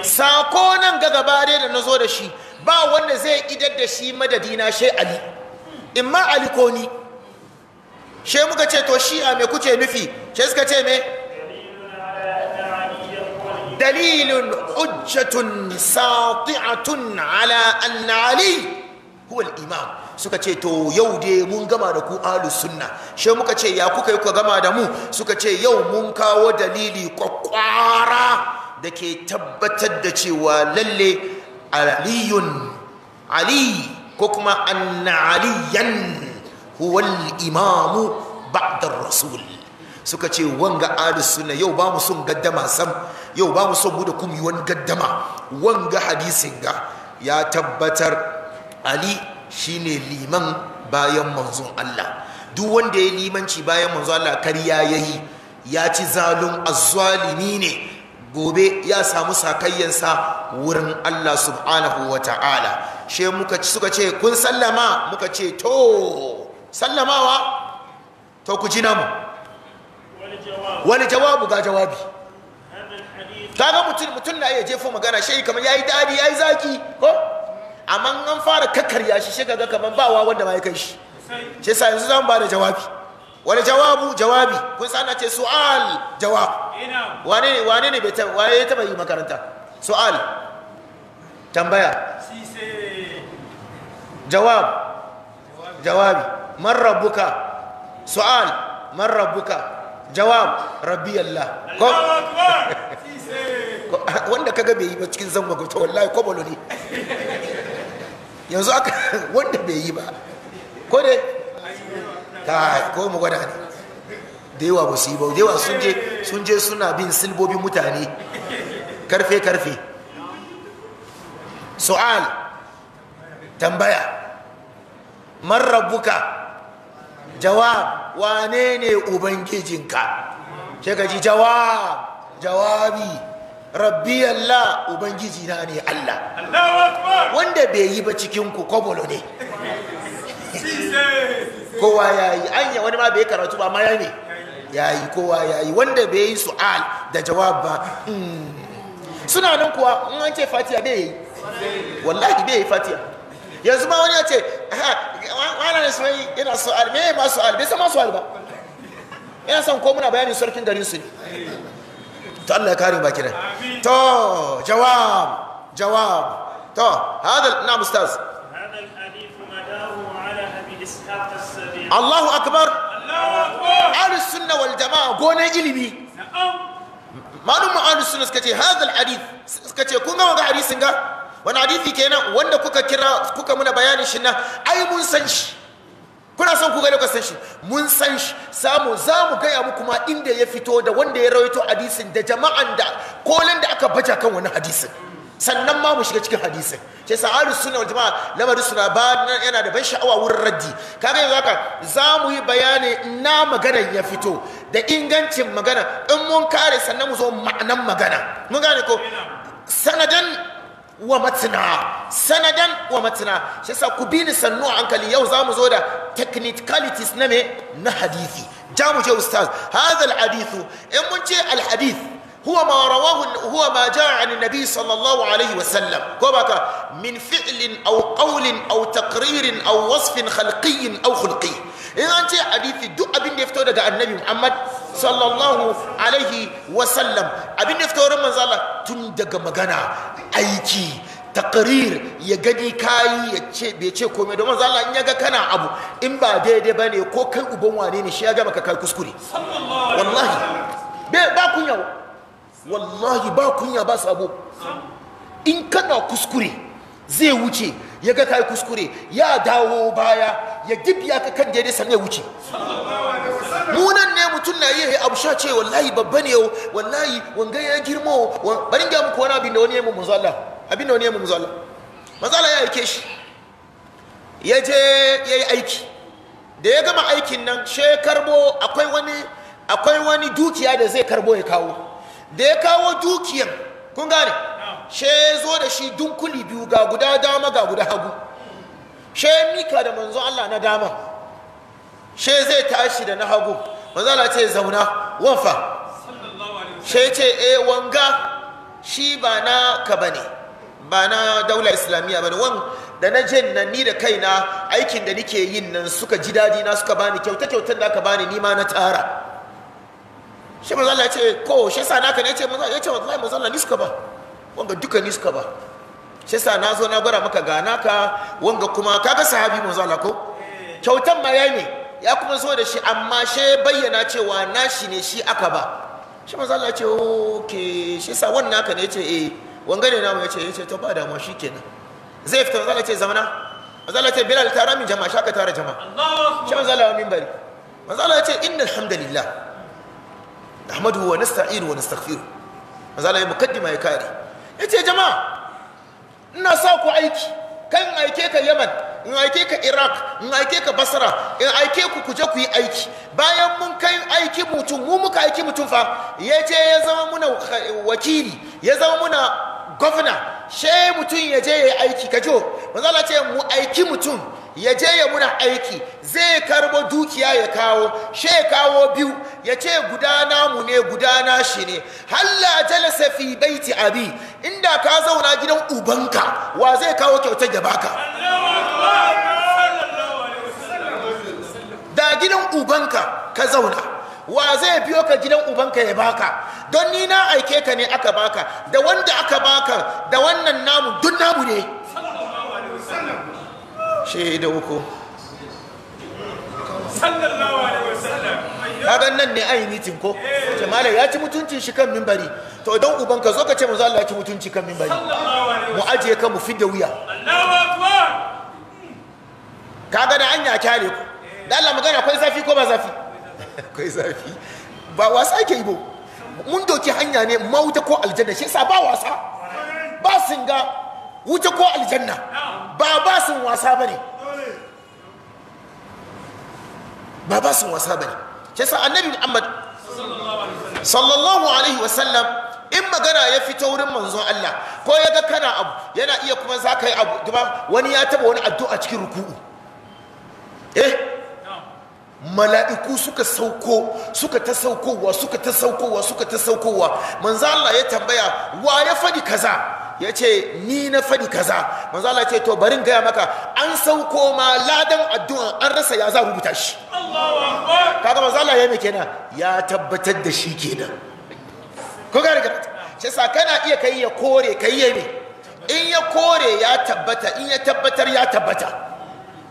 Speaker 1: sako nan ga gaba da na zo da shi ba wanda zai idar da shi madadina shai ali in ma ali ko ni shai muka ce to shi a mai kuce nufi shai suka ce me دليل حجة ساطعة على أن علي هو الإمام suka ce to yau dai mun gama da ku ahlus sunna shi muka ce ya kuka yi kuka gama da mu suka ce yau mun kawo dalili kwakwara da ke tabbatar da cewa lalle aliyun ali ko kuma anna aliyan huwal imamu ba'dar rasul suka ce wanga ahlus sunna yau ba mu sun gaddama sam yau ba mu son mu da kuma yi wani gaddama wanga hadisin ga ya tabbatar ali shine liman bayan manzon Allah duk wanda ya limanci bayan manzon Allah ya yayi ya ci zalun azzalimi ne gobe ya samu sakayyansa wurin Allah subhanahu wa ta'ala she muka suka ce kun sallama muka ce to sallamawa to ku ji namu wani jawabu ga jawabi kaga mutum mutum na iya jefo magana shi kamar yayi dadi yayi zaki ko amma an fara kakkarya shi shi kaga kamar ba wa wanda mai kai shi shi sai yanzu zan ba da jawabi wani jawabu jawabi kun na ce su'al jawab wane ne wane ne bai waye ya taba yi makaranta su'al tambaya jawab jawabi man rabbuka su'al man rabbuka jawab rabbi Allah ko wanda kaga bai yi ba cikin zangon magwata wallahi kwabalo ne yanzu aka wanda bai yi ba ko dai kai ko mu gwada ne da yawa ba su yi ba da yawa sun je sun je suna bin silbobin mutane karfe karfe su'al tambaya man rabbuka jawab wane ne ubangijinka shekaji jawab jawabi rabbi Allah ubangiji na ne Allah wanda bai yi ba cikin ku kobolo ne kowa ya yi anya wani ma bai karatu ba ma ya ne ya yi kowa ya yi wanda bai yi su'al da jawab ba hmm. suna nan kuwa in an ce fatiya bai yi wallahi bai yi fatiya yanzu ma wani ya ce wani ne suwai yana su'al me ma su'al bai sama su'al ba yana son ko muna bayanin sarkin garin su ne to Allah ya kare ba kiran to jawab jawab to Hadal na ustaz Allahu akbar Ahlus sunna wal jama'a gonan ilimi malum ahlus sunna suka ce "Hadal hadith suka ce kun ga wanga hadisin ga wani hadithi kenan wanda kuka kira kuka muna bayanin shi na ai mun san shi kuna son ku ga lokacin shi mun san shi samu za mu gaya muku ma inda ya fito da wanda ya rawaito hadisin da jama'an da kolin da aka baja kan wani hadisin sannan ma mu shiga cikin hadisin ce sa'adu sunna wal jama'a lamarin suna ba yana da ban sha'awa wurin raddi kaga yanzu haka za mu yi bayani na maganar ya fito da ingancin magana in mun kare sannan mu zo ma'anan magana mun gane ko sanadan wa sanadan wa matna shi yasa ku bi ni sannu a hankali yau za mu zo da technicalities na me na hadithi ja mu je ustaz hadha al in mun ce al hadith huwa ma rawahu huwa ma jaa an nabi sallallahu alaihi wa sallam ko baka min fi'lin aw qawlin aw taqririn aw wasfin khalqiyyin aw khulqiyyin in an ce hadisi duk abin da ya fito daga annabi Muhammad sallallahu alaihi wa sallam abin da ya fito wurin manzala tun daga magana aiki takarir ya gani kayi ya ce bai ce komai don manzo in ya ga kana abu in ba daidai ba ne ko kai uban wane ne shi ya gama ka kai kuskure wallahi ba kunya wallahi ba kunya ba sabo in kana kuskure zai wuce ya ga kai kuskure ya dawo baya ya gibiya ka kan daidai sannan ya wuce munan ne mutum na yi abu sha ce wallahi babba ne wallahi wanga ya girmo bari ga muku wani abin da wani ya mu manzo Allah abin da wani ya mu manzo Allah manzo ya aike shi ya je ya yi aiki da ya gama aikin nan she karbo akwai wani akwai wani dukiya da zai karbo ya kawo da ya kawo dukiyan kun gane she zo da shi dunkuli biyu ga guda dama ga guda hagu she mika da manzo Allah na dama she zai tashi da na hagu manzo Allah ce zauna wanfa she ce e wanga shi ba na ka bane ba na daular islamiyya bane wan da na jin nan ni da kaina aikin da nike yin nan suka ji dadi na suka bani kyauta kyautar da aka bani ni ma na tara shi manzo Allah ya ce ko shi sa naka ne ya ce manzo Allah ni suka ba wanga duka ni suka ba shi sa na zo na gwada maka gana ka wanga kuma kaga sahabi mu zala ko kyautan ma yayi ne ya kuma zo da shi amma she bayyana cewa nashi ne shi aka ba shi manzo Allah ce okay shi sa wannan aka ne yace eh wanga ne mu yace yace to ba damuwa shikenan zai fita manzo Allah ce zamana manzo Allah ce bilal tara min jama'a shaka tara jama'a Allahu shi manzo Allah min bari manzo Allah yace inna alhamdulillah nahmaduhu wa nasta'inu wa nastaghfiruh manzo Allah ya mukaddima ya kare ya ce jama'a ina sa ku aiki kan in aike ka yaman in aike ka iraq in aike ka basra in aike ku kuje ku yi aiki bayan mun kai aiki mutum mu muka aiki mutum fa ya ce ya zama muna wakili ya zama muna gwamna she mutum ya je ya yi aiki ka jo manzala ce mu aiki mutum ya je ya muna aiki zai karbo dukiya ya kawo she kawo biyu ya ce gudana mu ne gudana shi ne halla jalasa fi baiti abi inda ka zauna gidan ubanka wa zai kawo kyautar da baka da gidan ubanka ka zauna wa zai biyo ka gidan ubanka ya baka don ni na aike ka ne aka baka da wanda aka baka da wannan namu duk namu ne shaida uku kagan nan ne ainihin mitin ko jama'a ya ci mutuncin shi kan mimbari to don ubanka zo ka ce manzo Allah ya ci mutunci kan mimbari mu ajiye ka mu fidda wuya kaga da an ya kyale ku da Allah magana kwai zafi ko ba zafi akwai zafi ba wasa ke yi ba mun doki hanya ne mauta ko aljanna shi sa ba wasa ba sun ga wuta ko aljanna ba ba sun wasa bane ba ba sun wasa bane shi yasa annabi Muhammad sallallahu alaihi wasallam in magana ya fito wurin manzon Allah ko ya ga kana abu yana iya kuma za ka yi abu wani ya taba wani addu'a cikin ruku'u eh mala'iku suka sauko suka ta saukowa suka ta saukowa suka ta saukowa manzo ya tambaya wa ya fadi kaza ya ce ni na faɗi kaza manzo ya ce to barin gaya maka an sauko ma ladan addu'a an rasa ya za rubuta shi kaga manzo Allah ya mai kenan ya tabbatar da shi kenan ko ga riga ce sa iya kai ya kore kai ya me in ya kore ya tabbata in ya tabbatar ya tabbata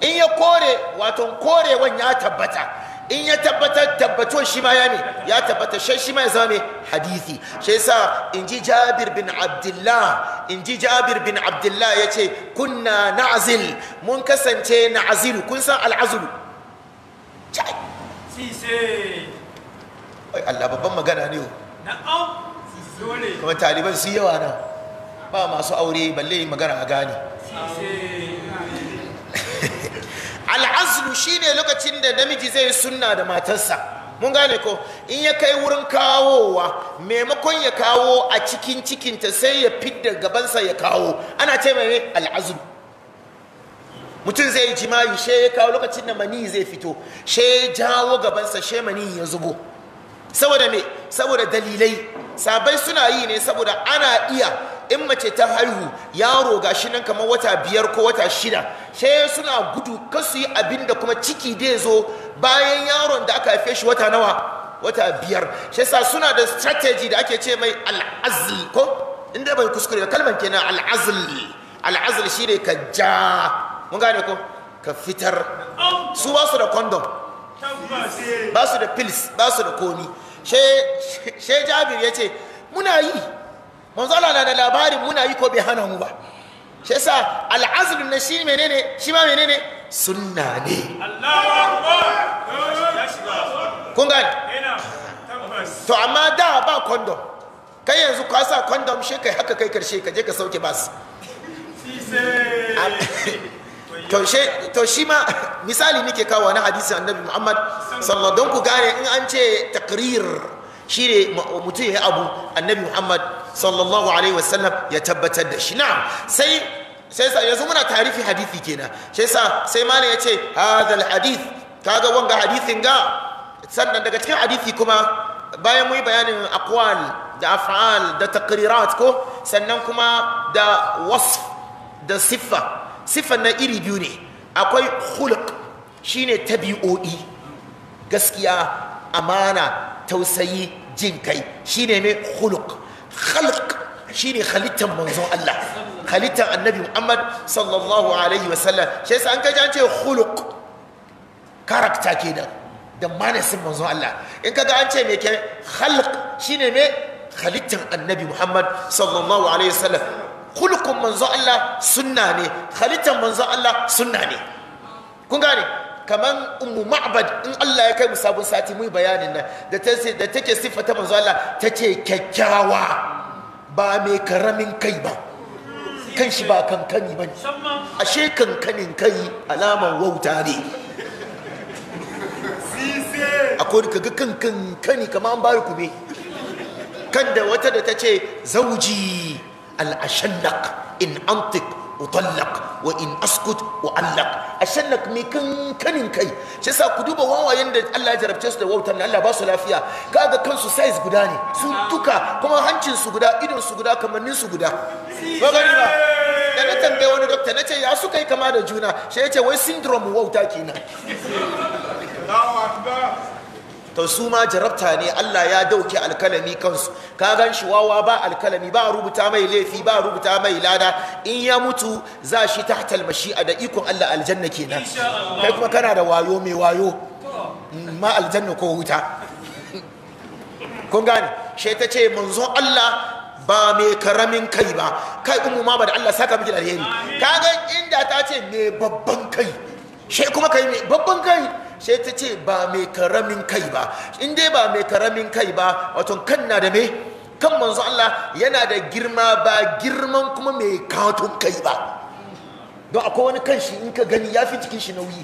Speaker 1: in ya kore wato korewan ya tabbata in ya tabbata, tabbaton shi ma ya ne ya tabbata shai shi ma ya zama hadisi shi yasa in ji jabir bin abdullah in ji jabir bin abdullah ya ce kunna na'azil mun kasance na'azil kun san al'azulu wai Allah babban magana ne o. Dole. kuma taliban su yawa na ba masu aure balle magana a gane al'azlu shine lokacin da namiji zai sunna da matarsa mun gane ko in ya kai wurin kawowa maimakon ya kawo a cikin cikinta sai ya fidda gabansa ya kawo ana ce mai al'azlu mutum zai yi jima'i she ya kawo lokacin da mani zai fito she ya jawo gabansa she mani ya zubo saboda me saboda dalilai sabai suna yi ne saboda ana iya in mace ta haihu yaro ga shi nan kamar wata biyar ko wata shida sai suna gudu kasu yi abin da kuma ciki dai zo bayan yaron da aka haife shi wata nawa wata biyar sai sa suna da strategy da ake ce mai al'azli ko inda bai kuskure kalman kenan al'azli shi shine ka ja mun gane ko ka fitar su ba su da condom ba su da pills ba su da komi sai jabir ya ce muna yi manzo na da labarin muna yi ko bai hana mu ba shi yasa al'azl na shi menene shi ma menene sunna ne
Speaker 2: Allahu akbar
Speaker 1: kun gani to amma da ba condom kai yanzu ka sa condom shi kai haka kai karshe ka je ka sauke bas to shi ma misali nake kawo na hadisin annabi Muhammad sallallahu don ku gane in an ce takrir shi ne mutum ya abu annabi muhammad sallallahu alaihi wasallam ya tabbatar da shi na'am sai sai sa yanzu muna tarifi hadithi kenan sai sa sai malam ya ce hadal hadith kaga wanga hadithin ga sannan daga cikin hadithi kuma bayan muyi bayanin akwal da af'al da taqrirat ko sannan kuma da wasf da siffa siffan na iri biyu ne akwai khuluq shine tabi'o'i gaskiya amana tausayi jin kai shi ne mai khuluq shi ne halittar manzon Allah halittar annabi Muhammad sallallahu alaihi wasallam shi yasa an kaji an ce khuluq karakta kenan da manasin manzon Allah in kaga an ce me ke khalq shine me halittar annabi Muhammad sallallahu alaihi wasallam khuluqun manzon Allah sunna ne halittar manzon Allah sunna ne kun gane kaman umu ma'bad in Allah ya kai mu sabon sati mu bayanin nan da ta da take ta manzo Allah tace kyakkyawa ba mai karamin kai ba kan shi ba kankani bane ashe kankanin kai alaman wauta ne akwai kaga kan kankani kaman an bari kube kan da wata da tace zauji al-ashannaq in antik. utallaq wa in askut uallaq ashannaq mai kan kanin kai shi yasa ku duba wawayen da Allah ya jarabce su da wautar na Allah ba su lafiya kaga kansu size guda ne sun duka kuma hancin su guda idon su guda kamannin su guda ba ba da na tambaye wani doctor nace ya su kai kama da juna shi yace wai syndrome wauta kenan
Speaker 2: Allahu
Speaker 1: to su ma jarabta ne Allah ya dauke alkalami kansu ka gan shi wawa ba alkalami ba rubuta mai laifi ba rubuta mai lada in ya mutu za shi tahta almashi'a da ikon Allah aljanna kenan kai kuma kana da wayo mai wayo ma aljanna ko wuta kun gane shi ta ce manzon Allah ba mai karamin kai ba kai umu ma ba da Allah saka miki alheri kaga inda ta ce mai babban kai shi kuma kai mai babban kai sai ta ce ba mai karamin kai ba in dai ba mai karamin kai ba wato kan na da me kan manzo Allah yana da girma ba girman kuma mai katon kai ba don akwai wani kan shi in ka gani ya fi cikin shi nauyi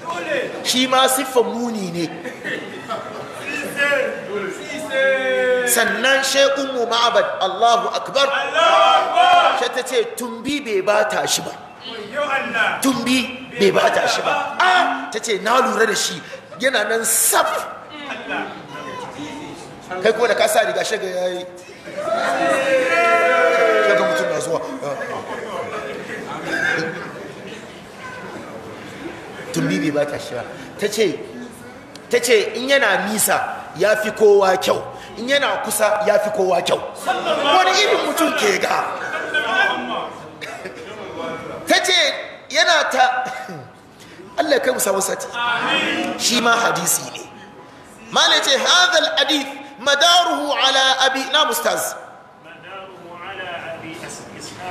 Speaker 1: shi ma siffan muni ne sannan she ummu ma'abad Allahu akbar she ta ce tumbi bai bata shi ba tumbi bai bata shi ah! ba ta ce na lura da shi yana nan saf kai ko da ka sa riga shiga ya yi shiga mutum na zuwa tumbi bai bata shi ba ta ce in yana nisa ya fi kowa kyau in yana kusa ya fi kowa kyau wani irin mutum ke ga ta ce yana ta Allah kai musa wasati shi ma hadisi ne malai ce hadal hadith madaruhu ala abi na mustaz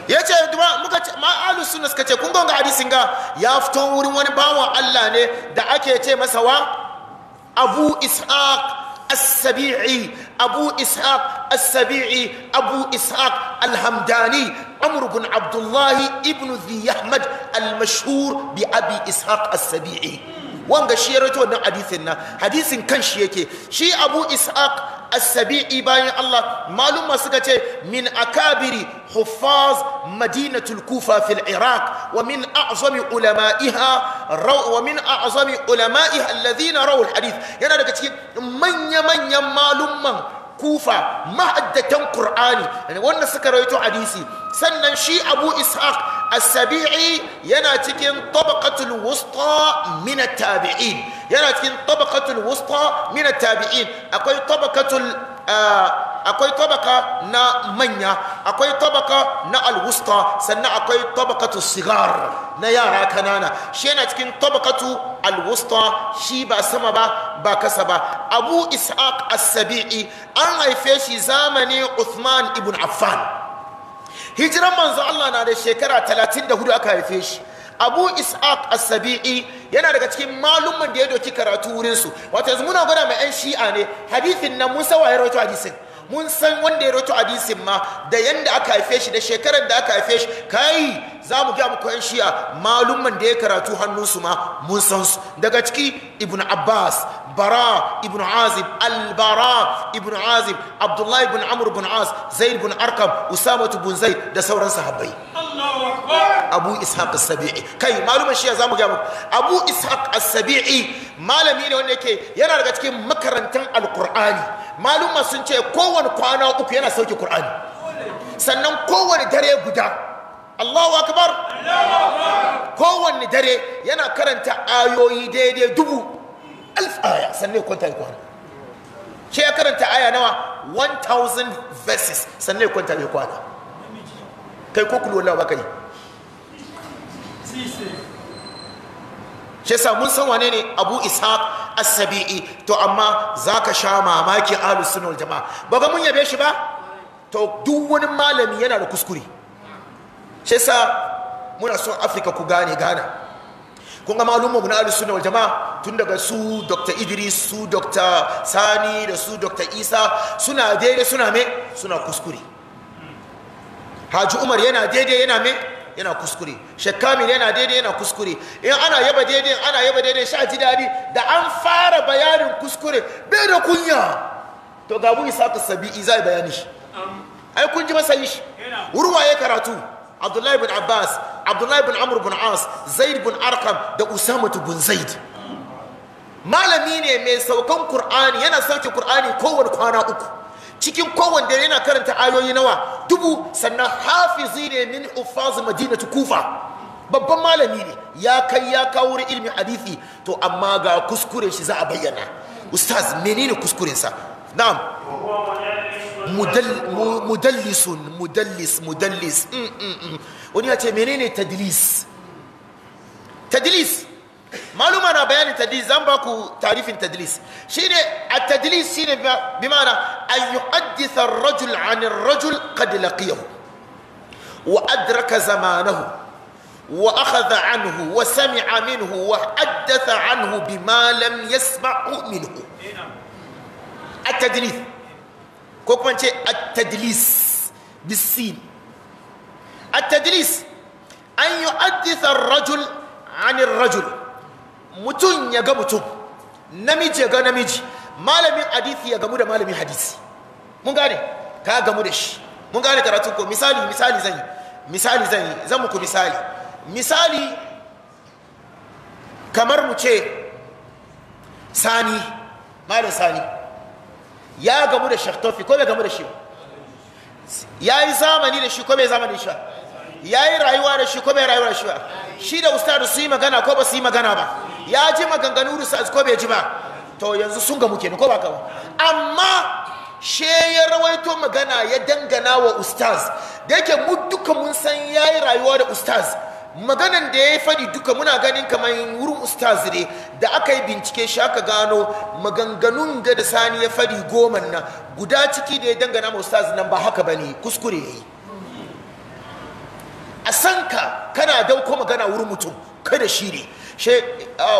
Speaker 1: ya ce muka ce ma'alus suna suka ce kun ga hadisin ga ya fito wurin wani bawan Allah ne da ake ce masa wa abu ishaq as-sabi'i abu ishaq السبيعي أبو إسحاق الهمداني عمرو بن عبد الله ابن ذي يحمد المشهور بأبي إسحاق السبيعي وانغا شيرتو ان حديثنا حديث كان شي ابو اسحاق السبيعي باين الله معلوم ما من اكابر حفاظ مدينه الكوفه في العراق ومن اعظم علمائها رو ومن اعظم علمائها الذين رووا الحديث يعني انا من يمن معلوم kufa mahaddatan qur'ani wanda suka rawaito hadisi sannan shi abu ishaq as-sabi'i yana cikin tabaqatul wusta min at-tabi'in yana cikin tabaqatul wusta min at-tabi'in akwai tabaqatul Eh, akwai tabaka na manya akwai tabaka na alwusta sannan akwai tabakatu sigar na yara kanana shi yana cikin tabakatu alwusta shi ba sama ba ba kasa ba abu ishaq as-sabi'i an haife shi zamanin uthman ibn affan hijiran manzo Allah na da shekara 34 aka haife shi abu ishaq as-sabi'i yana daga cikin malumman da ya doki karatu wurin su wato yanzu muna gwada mai yan shi'a ne Hadisin nan mun san wa ya rawaito hadisin mun san wanda ya rawaito hadisin ma da yanda aka haife shi da shekarar da aka haife shi kai za mu gaya muku yan shiya. malumman da ya karatu hannunsu ma mun san su daga ciki ibn abbas bara ibn azib albara ibn azib abdullahi ibn Amur, ibn as zaid ibn arkam usama ibn zaid da sauran sahabbai abu ishaq as-sabi'i kai malumman shiya za mu gaya muku abu ishaq as-sabi'i malami ne wanda yake yana daga cikin makarantan alqur'ani malumma sun ce kowane kwana uku yana sauke qur'ani sannan kowane dare guda Allahu akbar kowanne dare yana karanta ayoyi daidai dubu alf aya sannan ya kwanta ya kwana Ke ya karanta aya nawa 1000 verses sannan ya kwanta ya kwana kai ko kulo Allah kai. yi shi yasa mun san wane ne Abu Ishaq Asabi'i? to amma za ka sha mamaki ahlus sunna wal jamaa ba ga mun yabe shi ba to duk wani malami yana da kuskure shi sa muna son afirka ku gane gana kun ga malumma mu na ahlus sunna jamaa tun daga su dr idris su dr sani da su dr isa suna daidai suna me suna kuskure haji umar yana daidai yana me yana kuskure shakkamil yana daidai yana kuskure in ana yaba daidai ana yaba daidai sha ji dadi da an fara bayanin kuskure bai da kunya to bu isa ka sabi'i zai bayani shi ai kun ji masa yi shi wurwaye karatu abdullahi bin abbas abdullahi bin amr bin as zaid bin Arkam da usamatu bin zaid malami ne mai saukan Kur'ani, yana sauke Kur'ani kowane kwana uku cikin kowane dare yana karanta ayoyi nawa dubu sannan hafizi ne min uffaz madina kufa babban malami ne ya kai ya kawo wurin ilmin hadisi to amma ga kuskure shi za a bayyana ustaz menene kuskurensa na'am مدل مدلس مدلس مدلس ونياتي منيني تدليس تدليس معنى بيان التدليس تدليس زنبكو تعريف التدليس شيني التدليس شيني بمعنى أن يحدث الرجل عن الرجل قد لقيه وأدرك زمانه وأخذ عنه وسمع منه وحدث عنه بما لم يسمعه منه إيه نعم. التدليس ko kuma ce at-tadlis bisin at-tadlis an yu'addisa ar-rajul 'an ar-rajul mutun ya ga mutun namiji ya ga namiji malamin hadisi ya gamu da malamin hadisi mun gane ka gamu da shi mun gane karatu ko misali misali zan yi misali zan yi zan muku misali misali kamar mu ce sani malam sani ya gamu da shaktofi ko bai gamu da shi ya yi zamani da shi ko bai zamani da shi ya yi rayuwa da shi ko bai rayuwa da shi ba shi da ustadu su yi magana ko ba su yi magana ba ya ji maganganu da ko bai ji ba to yanzu sun gamu kenan ko ba ka ba amma she ya rawaito magana ya dangana wa ustaz da yake mu duka mun san ya yi rayuwa da ustaz maganan da ya yi faɗi duka muna ganin kamar wurin ustaz ne da aka yi bincike shi aka gano maganganun ga da sani ya faɗi goma nan guda ciki da ya dangana ma ustaz nan ba haka ba ne kuskure ya yi a sanka kana dauko magana wurin mutum kada shi ne she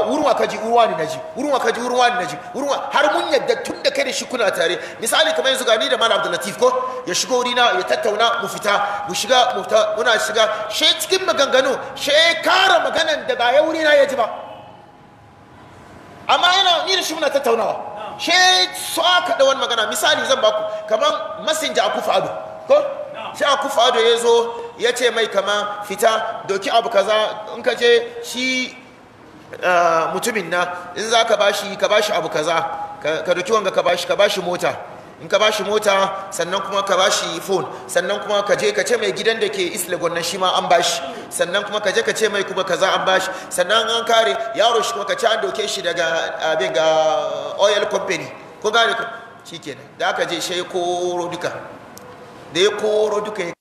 Speaker 1: wurwa uh, waka ji wurwa ne naji wurwa waka ji wurwa ne naji wurwa har mun yadda tun da kai da shi kuna tare misali kamar yanzu gani da malam abdulatif ko ya shigo wuri na ya tattauna mu fita mu shiga mu fita muna shiga she cikin maganganu she kara maganan da ba ya wuri na ya ji ba amma yana ni da shi muna tattaunawa she aka da wani magana misali zan baku kamar masinja a kufa ado ko sai a kufa ado ya zo ya ce mai kama fita doki abu kaza in ka je shi mutumin na in za ka bashi ka bashi abu kaza ka doki wanga ka bashi ka bashi mota in ka bashi mota sannan kuma ka bashi phone sannan kuma ka je ka ce mai gidan da ke isla nan shi ma an bashi sannan kuma ka je ka ce mai kuma kaza an bashi sannan an kare yaro shi kuma ka ci an doke shi daga abin ga oil company ko gane shi kenan da aka je shi ya koro duka da ya koro duka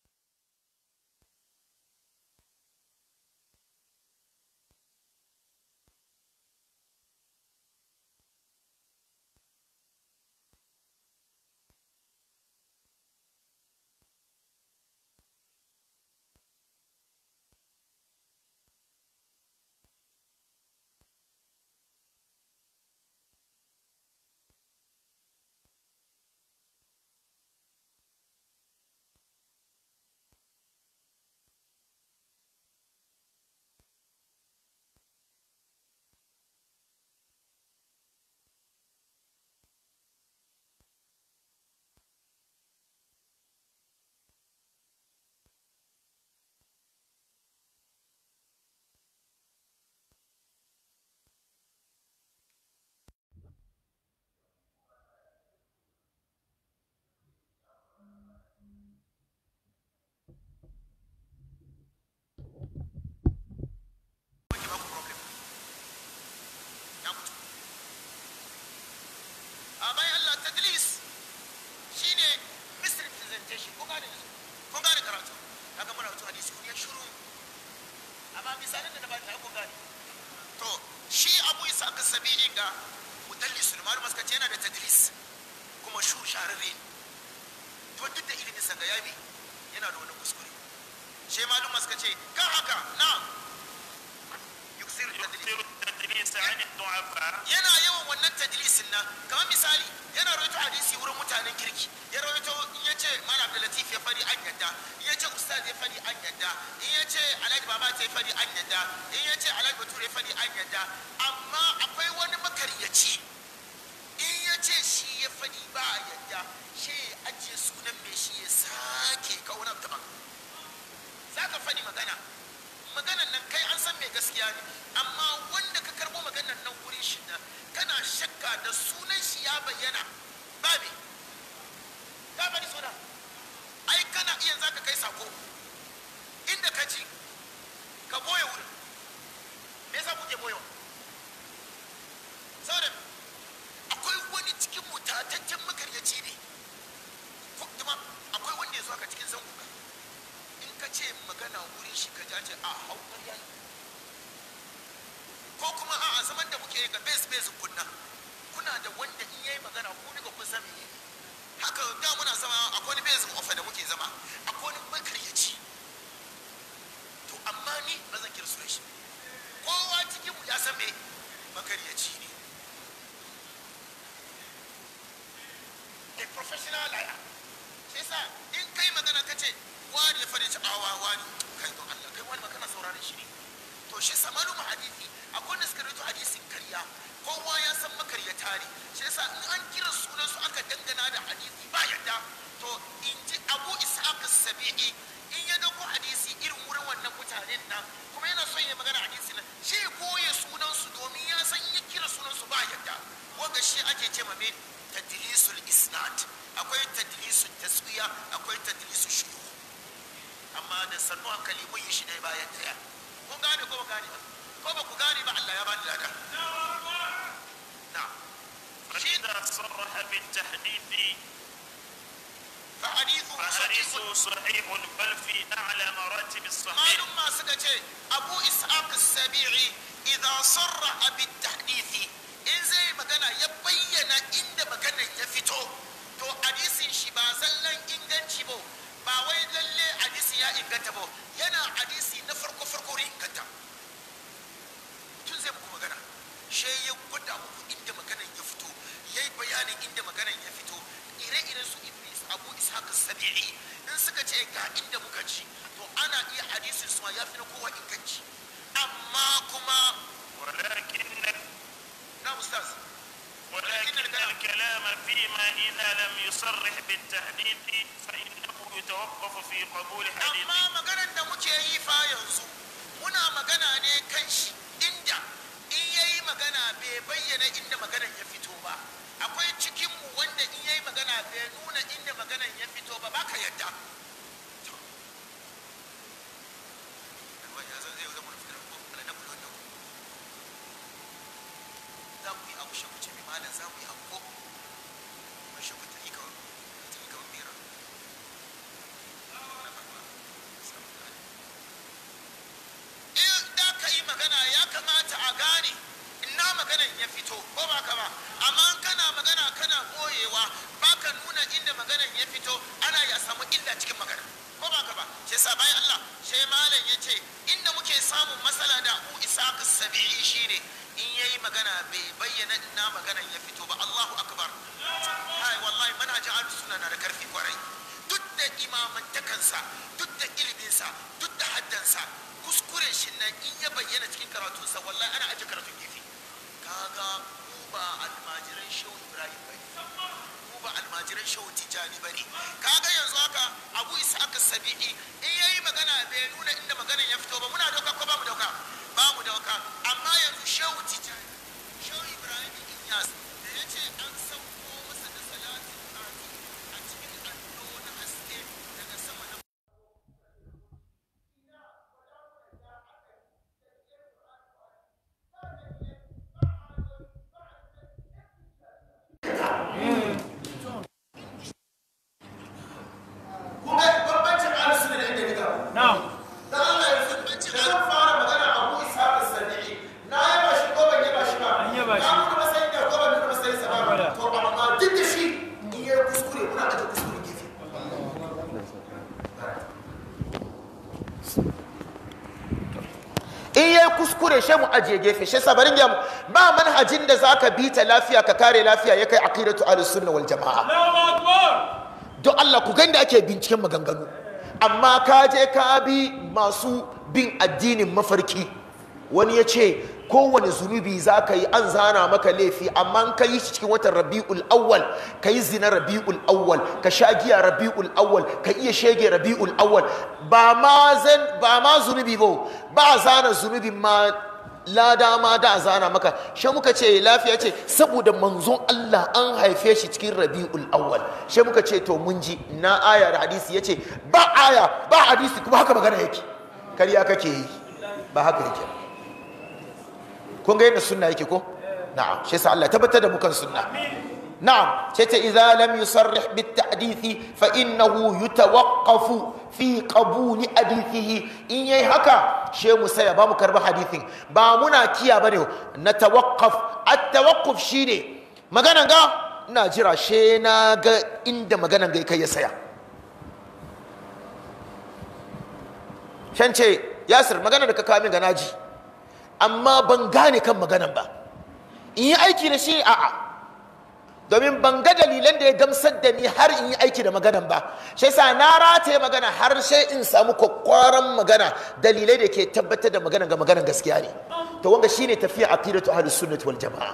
Speaker 1: hadisin nan kamar misali yana rawaito hadisi wurin mutanen kirki ya rawaito in mana abu da latif ya fari an yadda in ya ce ustaz ya fari an yadda in ya ce alhaji baba ta ya fari an yadda in ya ce alhaji bature ya fari an yadda amma akwai wani makaryaci in ya ce shi ya fari ba a yadda shi ya ajiye sunan mai shi ya sake kaunar ta za ka fadi magana maganan nan kai an san mai gaskiya ne amma wanda ka karbo maganan nan wurin shi na yana shakka da sunan shi ya bayyana babi bari suna hadisu sahihun bal fi a'la maratib ce abu ishaq as-sabi'i idza sarra bi in zai magana ya bayyana inda maganar ya fito to hadisin shi ba zallan inganci ba ba wai lalle hadisi ya inganta ba yana hadisi na tun zai muku magana she ya gwada muku inda maganar ya fito ya yi bayanin inda maganar ya fito ire-iren su abu ishaq sabi'i in suka ce ga inda muka ci to ana iya hadisin su ya fi na kowa inganci amma kuma na ustaz ولكن الكلام فيما إذا لم يصرح بالتحديث فإنه يتوقف في قبول حديثه أما قال دا مكي يفا ينزو منا مغانا ني كنش إندا إن يي مغانا بيبين إن قال يفتو با akwai cikinmu wanda in yi magana bai nuna inda maganan ya fito ba baka yadda karshe mu ajiye gefe shi sabarin ba manhajin da zaka bi ta lafiya ka kare lafiya ya kai aqidatu ahlus sunna wal jamaa don Allah ku ganda ake binciken maganganu amma ka je ka bi masu bin addinin mafarki wani ya ce kowane zunubi za ka yi an zana maka laifi amma ka yi cikin watan rabi'ul awwal ka yi zina rabi'ul awwal ka sha giya rabi'ul awwal ka iya shege rabi'ul awwal ba ma zunubi ba ba zana zunubi ma lada ma da zana maka she muka ce lafiya ce saboda manzon Allah an haife shi cikin Rabiul Awwal she muka ce to mun ji na aya da hadisi yace ba aya ba hadisi kuma haka magana yake kariya kake yi ba haka yake kun ga yadda sunna yake ko na'am shi yasa Allah tabbatar da mu kan sunna amin na'am sai ce idza lam yusarrih bit ta'dithi fa innahu yutawaqqafu fi qabuli hadithihi in yayi haka she mu saya ba mu karba hadithin ba muna kiya bane na tawaqqaf at tawaqquf shine maganan ga ina jira she na ga inda maganan ga kai ya saya shan ce yasir maganar da ka kawo min ga naji amma ban gane kan maganan ba in yi aiki da shi a'a domin ban ga dalilan da ya gamsar da ni har in yi aiki da maganan ba shi yasa na rataye magana har sai in samu kwakwaran magana dalilai da ke tabbatar da magana ga maganan gaskiya ne to wanga shine tafiya aqidatu ahlus sunnati wal jamaa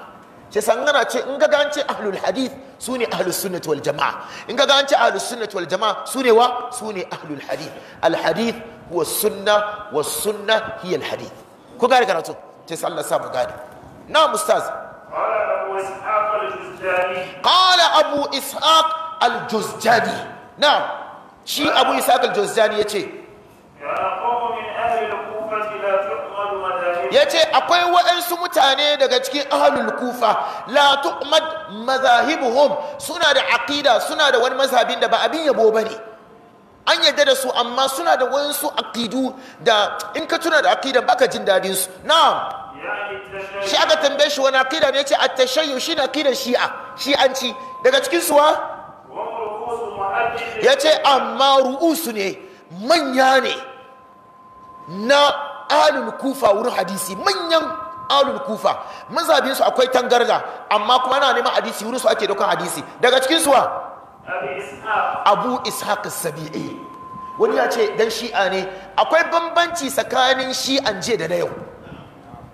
Speaker 1: shi yasa ngana ce in ga gance ahlul hadith sune ahlus sunnati wal jamaa in ga gance ahlus sunnati wal jamaa sune wa sune ahlul hadith al hadith huwa sunna was sunna hiya al hadith ku gane karatu sai Allah sa mu gane na mustaz قال أبو إسحاق الجزجاني نعم شي أبو إسحاق الجزجاني يتي yace akwai waɗansu mutane daga cikin ahlul kufa la tuqmad mazahibuhum suna da aqida suna da wani mazhabin da ba abin yabo bane an yadda da su amma suna da wasu aqidu da in ka tuna da aqidan baka jin dadin su na'am shi aka tambaye shi wani aqida ne ce at-tashayyu shine aqidar shi'a shi'anci daga cikin suwa yace amma ru'usu ne manya ne na alul kufa wurin hadisi manyan alul kufa mazhabin su akwai tangarga amma kuma na neman hadisi wurin su ake dokan hadisi daga cikin suwa abu ishaq sabii wani ya ce dan shi'a ne akwai bambanci tsakanin shi'an je da na yau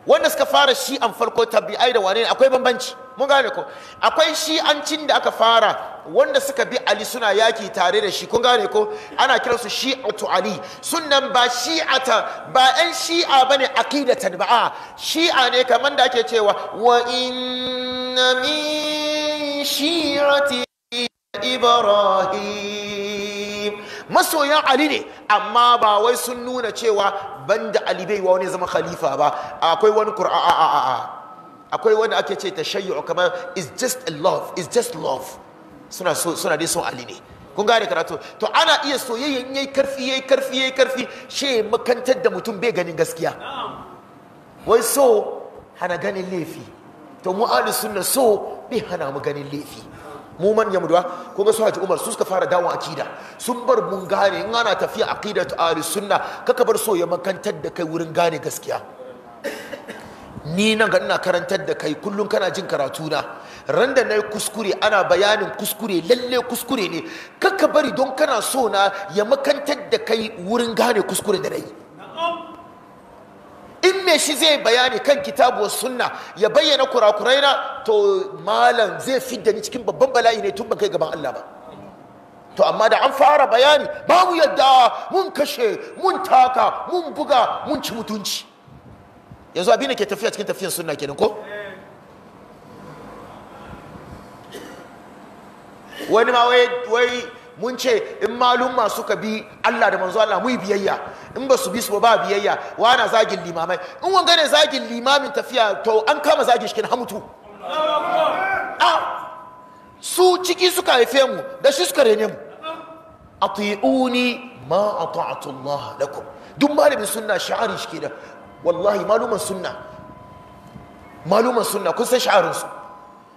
Speaker 1: wanda suka fara shi'an farko tabi'ai da wane akwai bambanci mun gane ko akwai shi'ancin da aka fara wanda suka bi ali suna yaki tare da shi kun gane ko ana kiran su ali sunan ba shi'ata ba yan shi'a bane aqidatan ba shi'a ne kamar da ake cewa wa inna min shi'ati ibrahim masoyan ali ne amma ba wai sun nuna cewa banda ali bai wa wani zama khalifa ba akwai wani qur'a a a a akwai wani ake ce tashayyu kamar is just a love is just love suna so suna dai son ali ne kun gane karatu to ana iya soyayyen yayi karfi yayi karfi yayi karfi she makantar da mutum bai ganin gaskiya wai so hana ganin laifi to mu ahli sunna so bai hana mu ganin laifi mu man ya mudwa ko ga umar su suka fara dawo akida sun bar mun gane in ana tafiya aqidatu ahli sunna kaka bar so ya makantar da kai wurin gane gaskiya ni na ga ina karantar da kai kullum kana jin karatu na ran da nayi kuskure ana bayanin kuskure lalle kuskure ne kaka bari don kana so na ya makantar da kai wurin gane kuskure da nayi in me shi zai bayani kan kitabu sunna ya bayyana kurakurai na to malam zai fidda ni cikin babban bala'i ne tun ban kai gaban Allah ba to amma da an fara bayani babu mu yadda mun kashe mun taka mun buga mun ci mutunci yanzu abin da ke tafiya cikin tafiyan sunna kenan ko wani ma wai mun ce in malumma suka bi Allah da manzo Allah mu biyayya in ba su bi su ba biyayya wa na zagin limamai in wanga ne zagin limamin tafiya to an kama zagin shi hamutu su ciki suka haife mu da shi suka rene mu ati'uni ma ata'tu Allah lakum duk malamin sunna shi'arin shi kenan wallahi maluman sunna maluman sunna kun san shi'arin su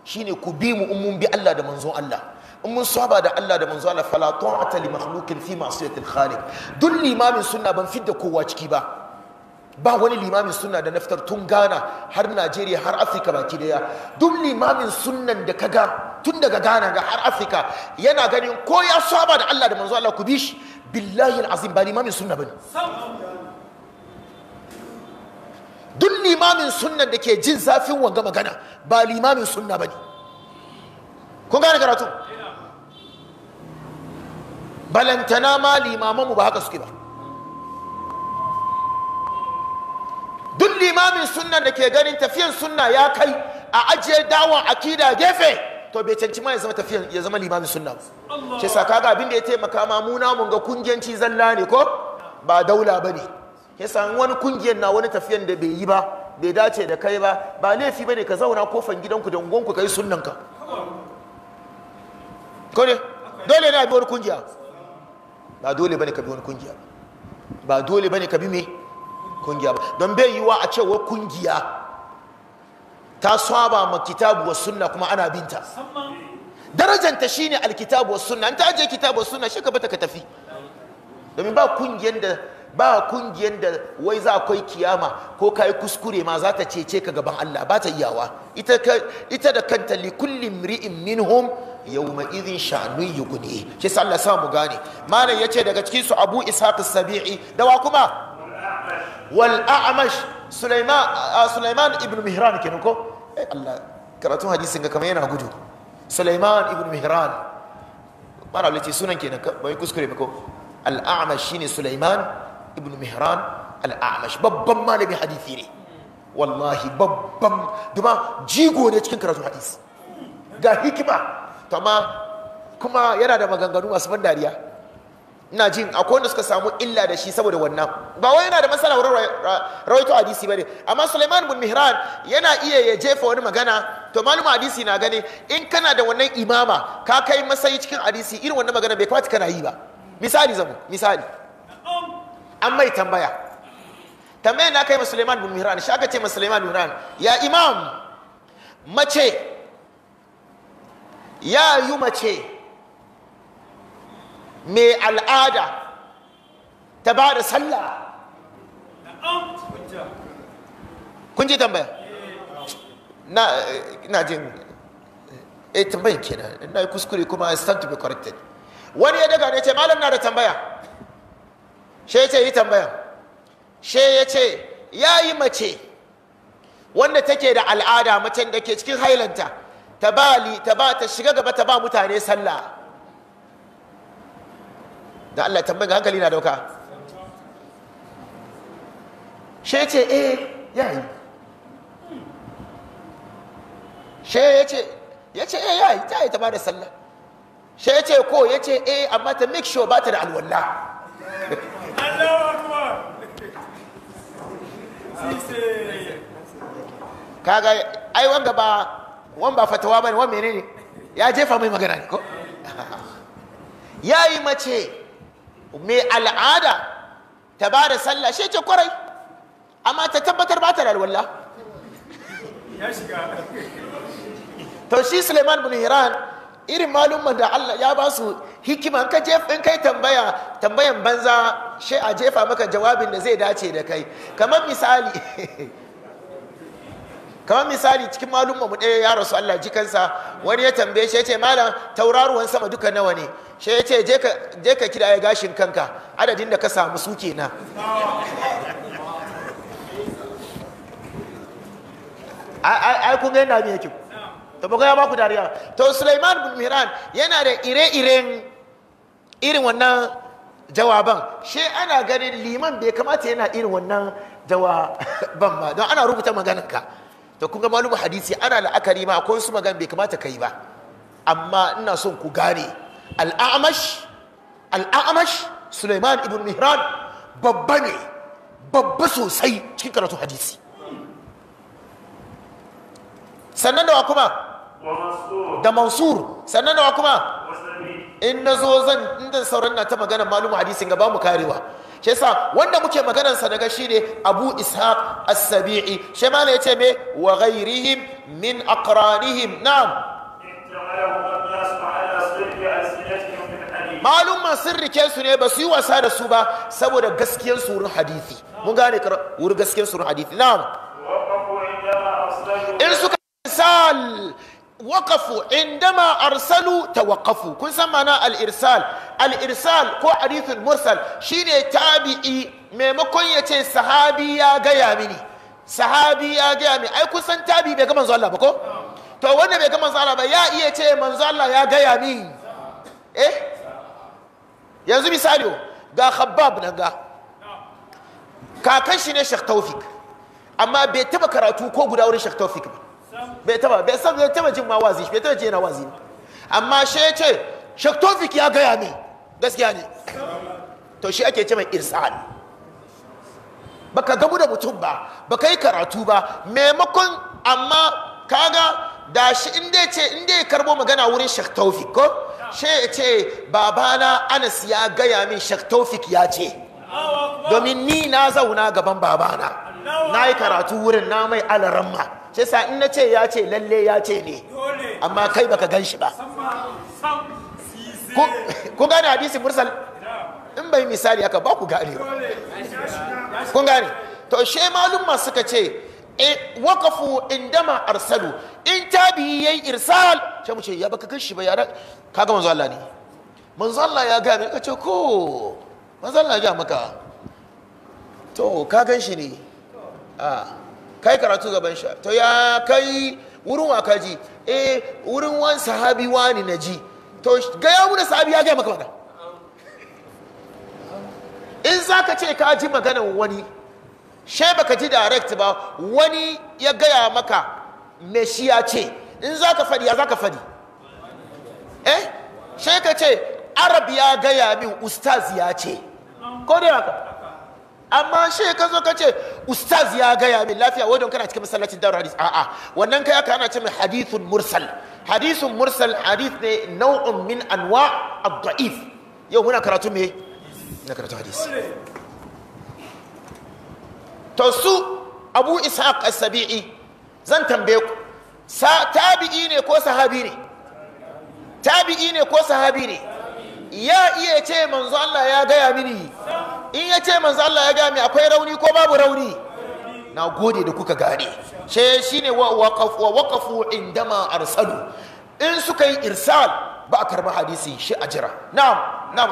Speaker 1: shine ku bi mu in mun bi Allah da manzon Allah in mun saba da Allah da manzo Allah fala ta'ata li makhluqin fi ma'siyatil khaliq duk limamin sunna ban fidda kowa ciki ba ba wani limamin sunna da naftar tun Ghana har Najeriya har Afirka baki daya duk limamin sunnan da kaga tun daga Ghana ga har Afirka yana ganin ko ya saba da Allah da manzo Allah ku bishi billahi alazim ba limamin sunna bane duk limamin sunnan da ke jin zafin wanga magana ba limamin sunna bane kun gane karatu balantana ma mu ba haka suke ba duk limamin sunna da ke ganin tafiyan sunna ya kai a ajiye dawon akida gefe to bai canci ma ya zama tafiyan ya limamin sunna
Speaker 2: ba ce sa
Speaker 1: kaga abin da ya taimaka ma mu mun ga kungiyanci zalla ne ko ba daula bane yasa wani kungiyan na wani tafiyan da bai yi ba bai dace da kai ba ba laifi ba ne ka zauna kofan gidanku da ungonku kai sunnanka ko ne dole ne a biyar wani kungiya ba dole bane ka bi wani kungiya ba dole bane ka bi me kungiya ba don bai yiwa a cewa kungiya ta saba ma kitabu wa sunna kuma ana binta darajanta shine alkitabu wa sunna an ta je kitabu wa sunna shi ka bata ka tafi domin ba kungiyan da ba kungiyan da wai za akwai kiyama ko kai kuskure ma za ta cece ka gaban Allah ba ta iyawa ita da kanta li kulli ri'in minhum yawma idhin sha'nu yughni shi sa mu samu gane malam yace daga cikin su Abu Ishaq sabi'i Da wa kuma wal a'mash Sulaiman Sulaiman ibn Mihran kenan ko eh Allah karatun hadisin ga kamar yana gudu Sulaiman ibn Mihran mara lace sunan kenan bai kuskure ba ko al a'mash shine Sulaiman ibn Mihran al a'mash babban malami hadisi ne wallahi babban duma jigo ne cikin karatun hadisi ga hikima amma kuma yana da maganganu masu ban dariya ina jin akwai wanda suka samu illa da shi saboda wannan ba wai yana da matsala wurin rawaito hadisi ba ne. amma Suleiman bin Mihran yana iya ya jefa wani magana to malama hadisi na gani in kana da wannan imama ka kai masayi cikin hadisi irin wannan magana bai kamata kana yi ba misali zamu misali an mai tambaya tambayar na kai Suleiman bin Mihran shi aka ce Suleiman bin Mihran ya imam mace ya yi mace mai al'ada ta ba da sallah kun ji tambaya na na jin eh tambayin kenan na yi kuskure kuma i stand to be corrected wani ya daga ne ce malam na da tambaya she ya ce yi tambaya she ya ce ya yi mace wanda take da al'ada macen da ke cikin hailanta ta ba ta ba ta shiga gaba ta ba mutane sallah da Allah tambayin hankali na dauka she ce eh yayi she yace yace eh yayi ta yi ta ba da sallah she yace ko yace eh amma ta make sure ba ta da alwala
Speaker 2: Allahu akbar
Speaker 1: kaga ai wanga ba wan ba fatawa ne wan menene ya jefa mai magana ne ko yi mace mai al'ada ta ba da sallah shi ce kwarai amma ta tabbatar ba ta da alwala
Speaker 2: ya shiga
Speaker 1: to shi Suleiman bin Hiran irin malumman da Allah ya ba su hikima ka jef in kai tambaya tambayan banza shi a jefa maka jawabin da zai dace da kai kamar misali kamar misali cikin malumma mu ɗaya ya rasu Allah jikansa wani ya tambaye shi ya ce malam tauraruwan sama duka nawa ne shi ya ce je ka kira ya gashin kanka adadin da ka samu su kenan ai kun ga yana yake to ba ya ba dariya to Sulaiman bin Mihran yana da ire-iren irin wannan jawaban shi ana ganin liman bai kamata yana irin wannan jawaban ba don ana rubuta maganar ka to kun ga malumin hadisi ana la'akari ma akwai su magan bai kamata kai ba amma ina son ku gane al'amash al'amash Suleiman ibn Mihran babba ne babba sosai cikin karatu hadisi sannan da wa kuma da mansur sannan da wa kuma in na zo zan inda sauran na ta magana malumin hadisi ga ba mu karewa shi yasa wanda muke maganar sa daga shi ne Abu Ishaq As-Sabi'i shi ma ne yace me wa ghairihim min aqranihim na'am malumman sun rike su ne ba su yi wasa da su ba saboda gaskiyar surun hadithi mun gane wurin gaskiyar surun hadithi na'am in suka misal waqafu indama arsalu tawaqafu kun san mana al-irsal ko arifin mursal shine tabi'i maimakon ya ce sahabi ya gaya mini sahabi ya gaya mini ai kun san tabi'i bai ga manzo Allah ba ko to wanda bai ga manzo Allah ba ya iya ce manzo Allah ya gaya mini eh yanzu misali ga khabbab nan ga kakan shi ne shekh tawfik amma bai taba karatu ko guda wurin shekh tawfik ba bai taba bai san bai taba jin ma wazi bai taba jin wazi amma shi ya ce Sheikh Tawfik ya gaya min gaskiya ne to shi ake ce mai irsal baka gabu da mutum ba baka yi karatu ba maimakon amma kaga da shi inda dai ce inda ya karbo magana wurin Sheikh Tawfik ko shi ya ce babana Anas ya gaya min Sheikh Tawfik ya ce domin ni na zauna gaban babana na yi karatu wurin na mai alaramma shi sa in ce ya ce lalle ya ce ne amma kai baka gan shi ba ku gane hadisi mursal in bai misali haka ba ku gane
Speaker 2: ba kun
Speaker 1: gane to she malumma suka ce eh, wakafu indama arsalu in tabi yayi irsal sai mu ce ya baka gan shi ba yara kaga manzo Allah ne manzo Allah ya ga ne ce ko manzo Allah ya ga maka to ka gan shi ne a ah. kai karatu gaban sha to ya kai wurin wa kaji eh wurin wan sahabi wani na ji to ga ya muna sahabi ya ga maka magana in za ka ce ka ji maganar wani shai baka ji direct ba wani ya gaya maka me shi ya ce in za ka fadi ya ka fadi eh shai ka ce arab ya gaya min ustaz ya ce ko dai haka amma she ka zo ka ce ustaz ya gaya min lafiya wai don kana cikin masallacin daura hadis a'a wannan kai aka ana ce mai hadithun mursal hadithun mursal hadith ne nau'un min anwa ad-da'if yau muna karatu me na karatu hadis to su abu ishaq as-sabi'i zan tambaye ku tabi'i ne ko sahabi ne tabi'i ne ko sahabi ne ya iya ce manzo Allah ya gaya mini in ya ce manzo Allah ya gaya mini akwai rauni ko babu rauni na gode da kuka gane she ne wa waqafu indama arsalu in suka yi irsal ba a karba hadisi shi a jira na'am na'am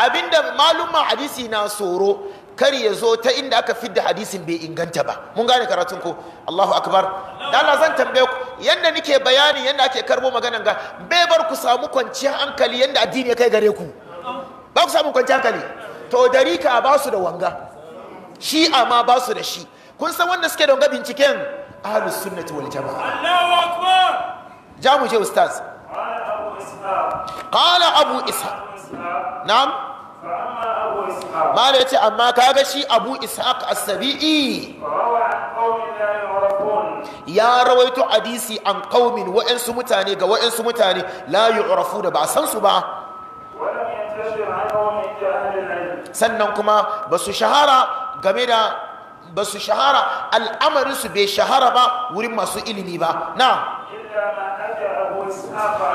Speaker 1: abinda malumma hadisi na tsoro kar ya zo ta inda aka fidda hadisin bai inganta ba mun gane karatun ko Allahu akbar da Allah zan tambaye ku yanda nake bayani yanda ake karbo maganan ga bai bar ku samu kwanciyar hankali yanda addini ya kai gare ku ba ku samu kwanciyar hankali to darika ba su da wanga Shi ma ba su da shi kun san wanda suke da wanga binciken ahlus sunnati wal jama'a Allahu akbar jamu je ustaz qala abu isa na'am mala ce amma ga shi abu ishaq asabi'i. ya rawaito hadisi an qaumin wa'ansu mutane ga wa'ansu mutane la yu'rafu da ba san su ba sannan kuma ba su shahara game da ba shahara al'amarin su bai shahara ba wurin masu ilimi ba na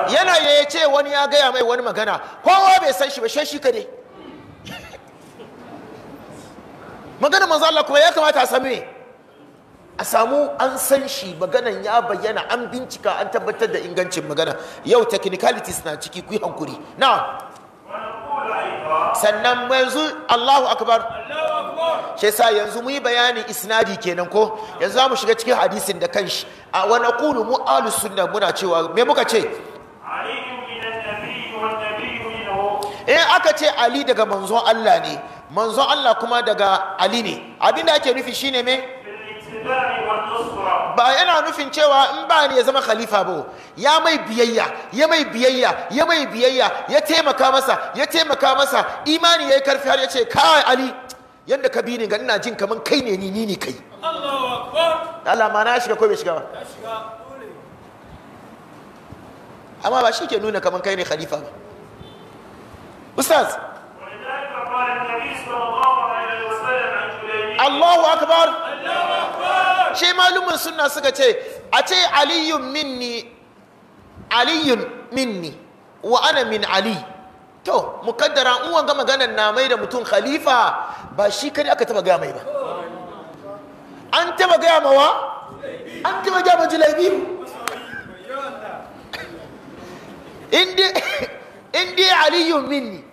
Speaker 1: yana yaya ce wani ya gaya mai wani magana kowa bai san shi ba shi kade maganar manzo Allah kuma ya kamata a same a samu an san shi maganan ya bayyana an bincika an tabbatar da ingancin magana yau technicalities na ciki ku hankuri na sannan yanzu Allahu akbar shi yasa yanzu mu yi bayanin isnadi kenan ko yanzu zamu shiga cikin hadisin da kanshi a wa naqulu mu alu sunna muna cewa me muka ce eh aka ce ali daga manzon Allah ne manzon Allah kuma daga Ali ne abinda ake nufi shine me ba yana nufin cewa in ba ne ya zama khalifa ba ya mai biyayya ya mai biyayya ya mai biyayya ya taimaka masa ya taimaka masa imani yayi karfi har ya ce kai Ali yadda ka bi ni ga ina jin kaman kai ne ni ni kai
Speaker 2: Allah
Speaker 1: ma na shiga ko bai shiga ba amma ba shi ke nuna kaman kai ne khalifa ba ustaz Allahu akbar shi malumin suna suka ce a ce aliyun minni aliyun minni wa ana min ali to mukaddara in wanga maganar na mai da mutum khalifa ba shi kare aka taba gaya mai ba an taba gaya wa? an taba gaya maji laibi indi aliyun minni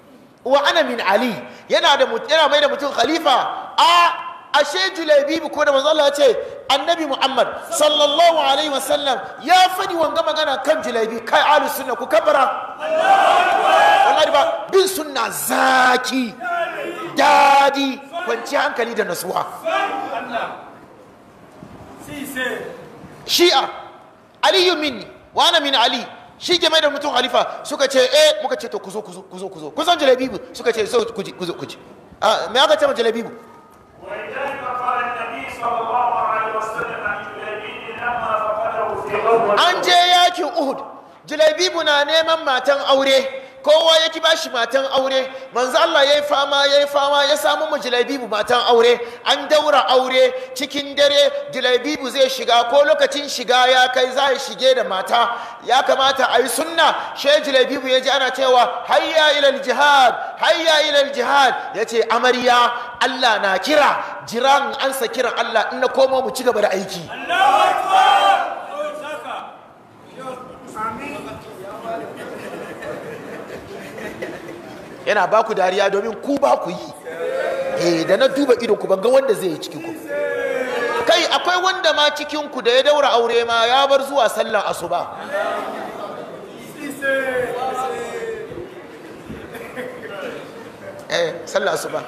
Speaker 1: wa ana min ali yana da yana mai da mutum khalifa a ashe julaibi ko da manzo Allah ya ce annabi Muhammad sallallahu alaihi wasallam ya fadi wanga magana kan julaibi kai ahlus sunna ku kabara wallahi ba bin sunna zaki dadi kwanci hankali da nasuwa shi'a aliyu minni wa ana min ali shi game da mutum halifa suka ce eh muka ce to ku kuzo kuzo kuzo kuzo zo jalabibu suka ce so kuji kuzo kuji a ah, me aka ce ma jalabibu an je yakin uhud jalabibu na neman matan aure kowa ya ki bashi matan aure manzo Allah yayi fama yayi fama ya samu mu jalabibu matan aure an daura aure cikin dare jalabibu zai shiga ko lokacin shiga ya kai za ya shige da mata ya kamata a yi sunna she jalabibu ya ji ana cewa hayya ilal jihad hayya ilal jihad yace amarya Allah na kira jiran an sa kiran Allah in na komo mu ci gaba da aiki
Speaker 2: Allahu akbar Amin
Speaker 1: yana ba ku dariya domin ku ba ku yi eh da na duba ido ku banga wanda zai yi ciki ku kai akwai wanda ma cikin ku da ya daura aure ma ya bar zuwa sallan asuba eh sallan asuba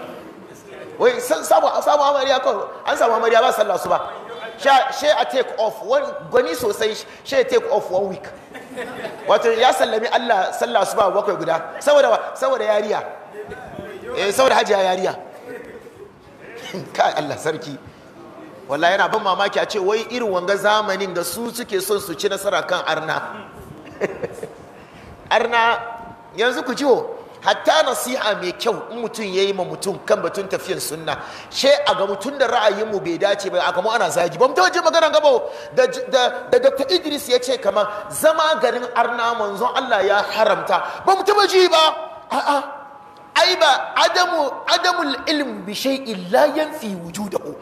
Speaker 1: wai samu samu amariya ko an samu amariya ba sallan asuba she a take off wani gwani sosai she take off one week wato ya sallami Allah sallah su ba bakwai guda saboda saboda yariya eh saboda hajiya yariya kai Allah sarki wallahi yana ban mamaki a ce wai irin wanga zamanin da su suke son su ci nasara kan arna arna yanzu ku ciwo hatta nasiha mai kyau in mutum ya yi ma mutum kan batun tafiyan sunna she a ga mutum da ra'ayinmu bai dace ba a kamo ana zagi ba mutum magana gaba da dr idris ya ce kama zama garin arna manzon allah ya haramta ba mutum ji ba a'a ai ba adamu adamul ilm bi shay'in la yanfi wujudahu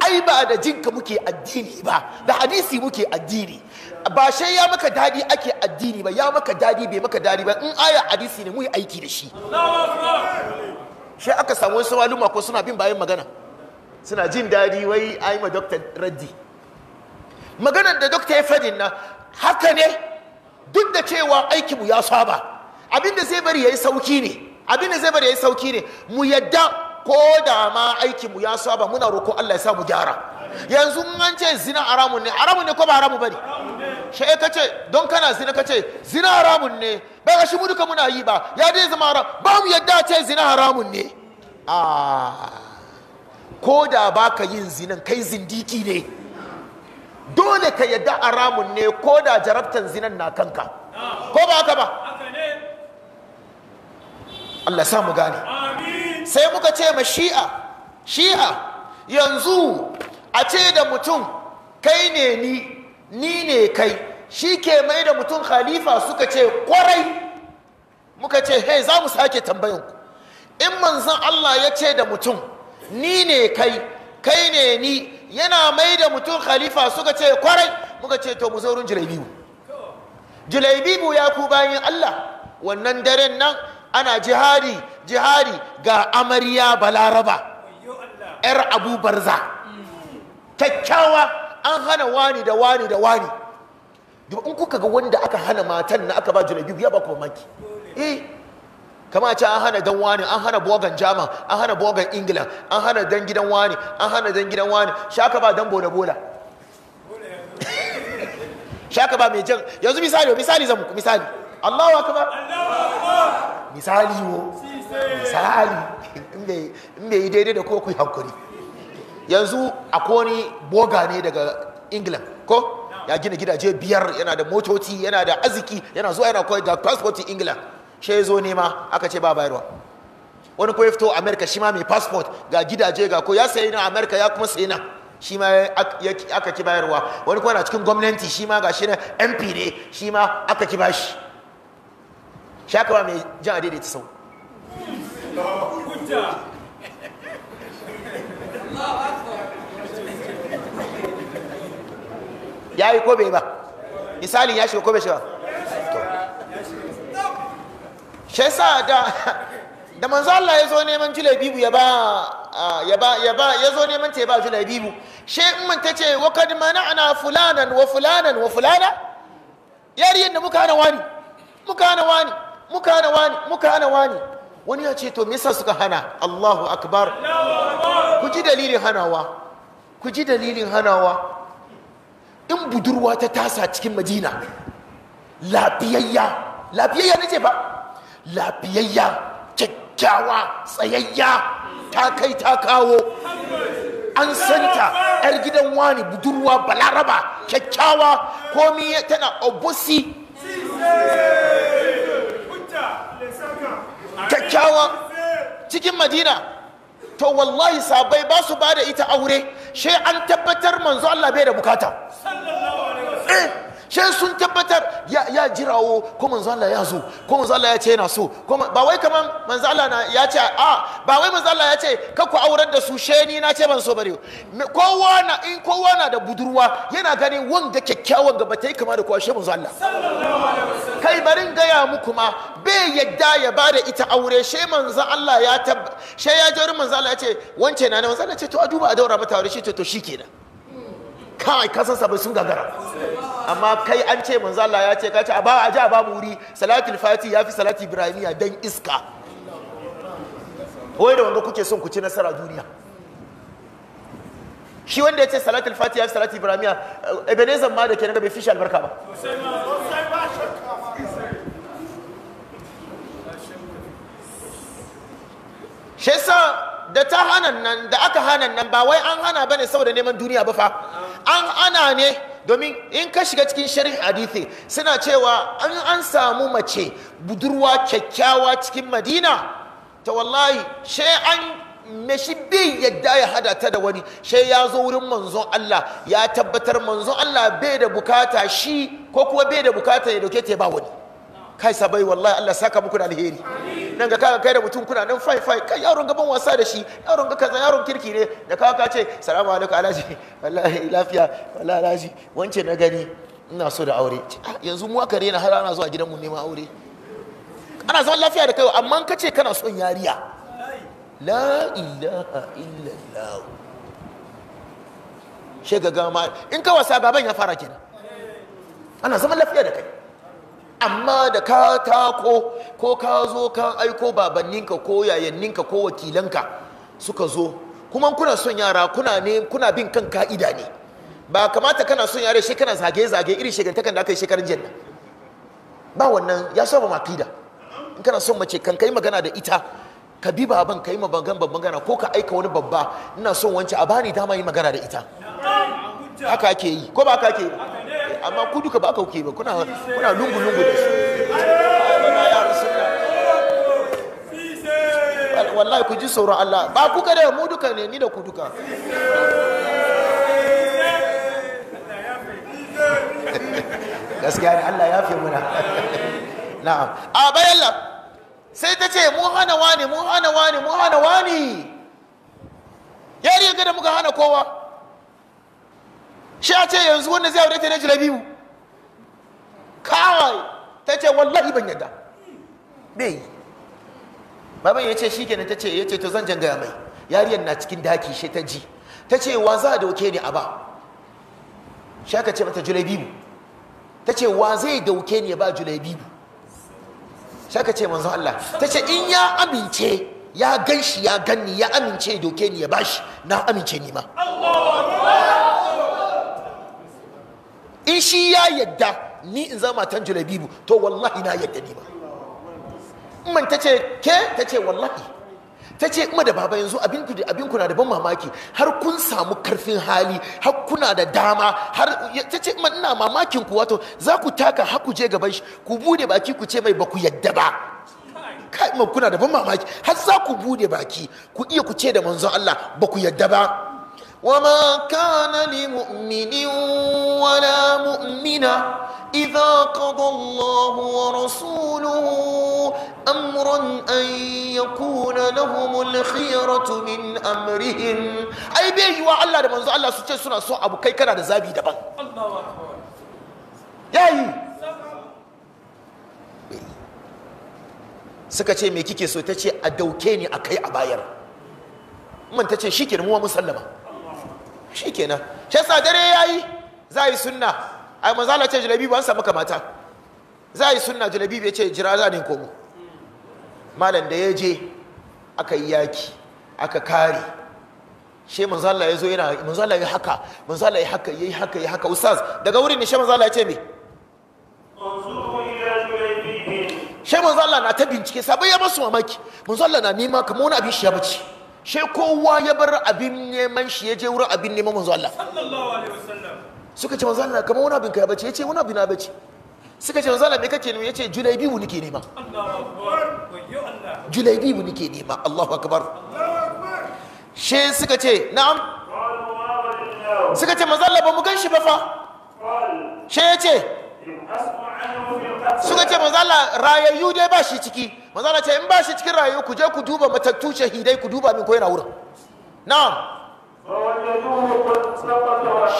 Speaker 1: ai ba da jinka muke addini ba da hadisi muke addini ba shai ya maka dadi ake addini ba ya maka dadi bai maka dadi ba in aya hadisi ne mu yi aiki da shi shi aka samu wasu maluma ko suna bin bayan magana suna jin dadi wai ai ma dokta raddi maganar da dokta ya fadin na haka ne duk da cewa aikinmu ya saba abinda zai bari ya yi sauki ne abinda zai bari ya yi sauki ne mu yadda ko da ma aikin mu ya saba muna roko Allah ya sa mu gyara yanzu an ce zina haramun ne haramun ne ko ba haramun bane shi ka ce don kana zina ka ce zina haramun ne ba ga shi mu duka muna yi ba ya dai zama haram ba mu yadda ce zina haramun ne a ah. ko da baka yin zinan kai zindiki ne dole ka yadda haramun ne ko da jarabtan zinan na kanka ko ba haka ba Allah sa mu gane sai muka ce ma shi'a shi'a yanzu a ce da mutum kai ne ni ni ne kai shi ke mai da mutum khalifa suka ce kwarai muka ce hey za mu sake tambayanku in manzan Allah ya ce da mutum ni ne kai kai ne ni yana mai da mutum khalifa suka ce kwarai muka ce to mu zaurin jilai biyu ya ku bayan Allah wannan daren nan ana jihadi jihadi ga amarya balaraba yar abu barza kyakkyawa an hana wani da wani da wani in kuka ga wanda aka hana matan na aka ba jalabi ya ba ku mamaki eh kama ce an hana dan wani an hana bogan jama an hana bogan ingila an hana dan gidan wani an hana dan gidan wani shaka ba dan bola bola shaka ba mai jan yanzu misali misali zan muku misali Allahu akbar Allahu misali wo misali in bai yi daidai da ko ku hankuri yanzu a kone boga ne daga england ko ya gina gidaje biyar yana da motoci yana da arziki yana zuwa yana kawai da passport england shi ya zo nema aka ce ba bayarwa wani ko fito amerika shi ma mai passport ga gidaje ga ko ya sayi na amerika ya kuma sayi na shi ma aka ki bayarwa wani ko na cikin gwamnati shi ma ga shi na mp ne shi ma aka ki bashi shakawa mai jan a daidaita sau ya yi kobe ba misalin ya shiga kobe shiga shi sa da da manzo Allah ya zo neman julabibu ya ba ya ba ya ba ya zo neman ta ya ba julabibu she in mun ta ce wa kad mana'ana fulanan wa fulanan wa fulana yariyar da muka hana wani muka hana wani muka hana wani muka hana wani wani ya ce to me yasa suka hana Allahu akbar ku ji dalilin hanawa ku ji dalilin hanawa in budurwa ta tasa cikin Madina lafiyayya lafiyayya nace ba lafiyayya kyakkyawa tsayayya ta kai ta kawo an santa yar gidan wani budurwa balaraba kyakkyawa komi tana obusi kyakkyawan cikin madina to wallahi sabai ba su ba da ita aure shi an tabbatar manzo Allah bai da bukata she sun tabbatar ya jirawo ko manzo Allah ya zo ko manzo Allah ya ce yana so ba wai kaman manzo Allah na ya ce a ba wai manzo Allah ya ce ka ku aurar da su she ni na ce ban so bare kowa na in kowa na da budurwa yana ganin wanda kyakkyawan gaba ta yi kama da kowa she manzo Allah kai barin gaya muku ma bai yadda ya ba da ita aure she manzo Allah ya tab she ya jori manzo Allah ya ce wance na ne manzo Allah ya ce to a duba a daura mata aure shi to to shikenan kawai kasansa bai sun gagara amma kai an ce manzo Allah ya ce kace a ba a ji a babu wuri salatul fati yafi salati ibrahimiya dan iska wai da wanda kuke son ku ci nasara duniya shi wanda ya ce salatul fati yafi salati ibrahimiya eh, ebenezer ma da ke naga bai fi shi albarka ba shi da ta hanan nan da aka hanan nan ba wai an hana bane saboda neman duniya ba fa an ana ne domin in ka shiga cikin sharhin hadithi suna cewa an an samu mace budurwa kyakkyawa cikin madina ta wallahi shai an mashi bi yadda ya hada ta da wani shai ya zo wurin manzon Allah ya tabbatar manzon Allah bai da bukata shi ko kuwa bai da bukata ya dauke ta ba wani kai sabai wallahi Allah saka muku da alheri nan ga kaga kai da mutum kuna nan fai fai kai yaron gaban wasa da shi yaron ga kaza yaron kirki ne da kaga ka ce salamu alaikum alaji wallahi lafiya wallahi alaji wance na gani ina so da aure ah, yanzu mu aka rena har ana zuwa gidan mu neman aure ana zaman lafiya da kai amma ka ce kana son yariya la ilaha illallah shega gama in ka wasa gaban ya fara kenan ana zaman lafiya da kai amma da ka tako ko ka zo ka aiko babanninka ko yayanninka ko wakilanka suka zo kuma kuna son yara kuna ne kuna bin kan ka'ida ne ba kamata kana son yara shi kana zage-zage irin shigantakan da aka yi shekarun janna ba wannan ya saba makida in kana son mace kan kai magana da ita ka bi baban ka yi mabangan babban gana ko ka aika wani babba ina son wancan a bani dama yi magana da ita haka ake yi ko ba haka ake yi amma ku duka ba kauke ba kuna kuna lungu lungu da su wallahi ku ji tsoron Allah ba ku kada mu duka ne ni da ku duka gaskiya ne Allah ya fi muna na'am a bayan sai ta ce mu hana wani mu hana wani mu hana wani yari ga da muka hana kowa shi a ce yanzu wanda zai aure ta na jira mu. kawai ta ce wallahi ban yadda bai yi baban ya ce shikenan ta ce ya ce to zan gaya mai yariyar na cikin daki shi ta ji ta ce wa za a dauke ni a ba shi aka ce mata mu. ta ce wa zai dauke ni ya ba mu? shi aka ce manzo Allah ta ce in ya amince ya gan shi ya ganni ya amince doke dauke ni ya bashi na amince ni ma in shi ya yadda ni in zama tan julabibu to wallahi na yadda ni ba man ta ce ke ta ce wallahi ta ce da baba yanzu abin ku na da ban mamaki har kun samu karfin hali har kuna da dama har ta ce ina mamakin ku wato za ku taka har ku je gaban shi ku bude baki ku ce mai ba ku yadda ba kai kuna da ban mamaki har za ku bude baki ku iya ku ce da manzon Allah ba ku yadda ba وما كان لمؤمن ولا مؤمنة إذا قضى الله ورسوله أمرا أن يكون لهم الخيرة من أمرهم أي بيه وعلا ده منزو الله سوچه سنة سوء أبو كي كان ده زابي ده بان
Speaker 2: الله أكبر
Speaker 1: yayi suka ce me kike so ta ce a dauke ni a kai a bayar man ta ce shi ke mu musallama kenan shi yasa dare yi? za a yi sunna a manzo Allah ce jalabi an samu kamata za a yi sunna jalabi bai ce jira za ne komo malam da ya je aka yi yaki aka kare she manzo Allah ya zo yana manzo Allah ya haka manzo Allah ya haka yayi haka ya haka ustaz daga wurin ne she manzo Allah ya ce me she manzo Allah na ta bincike sabai ya masu mamaki manzo Allah na nema kamar wani abin shi ya bace she kowa ya bar abin neman shi ya je wurin abin neman manzo Allah suka ce manzo Allah kamar wani abin kai bace yace wani abin na bace suka ce manzo Allah me kake nema yace julaibibu nike nema julaibibu nike nema Allahu akbar she suka ce na'am suka ce manzo Allah ba mu gan shi ba fa she yace suka ce manzo Allah rayayyu dai ba shi ciki manzala ce in ba shi cikin rayu ku je ku duba matattu shahidai ku duba min ko yana wurin na'am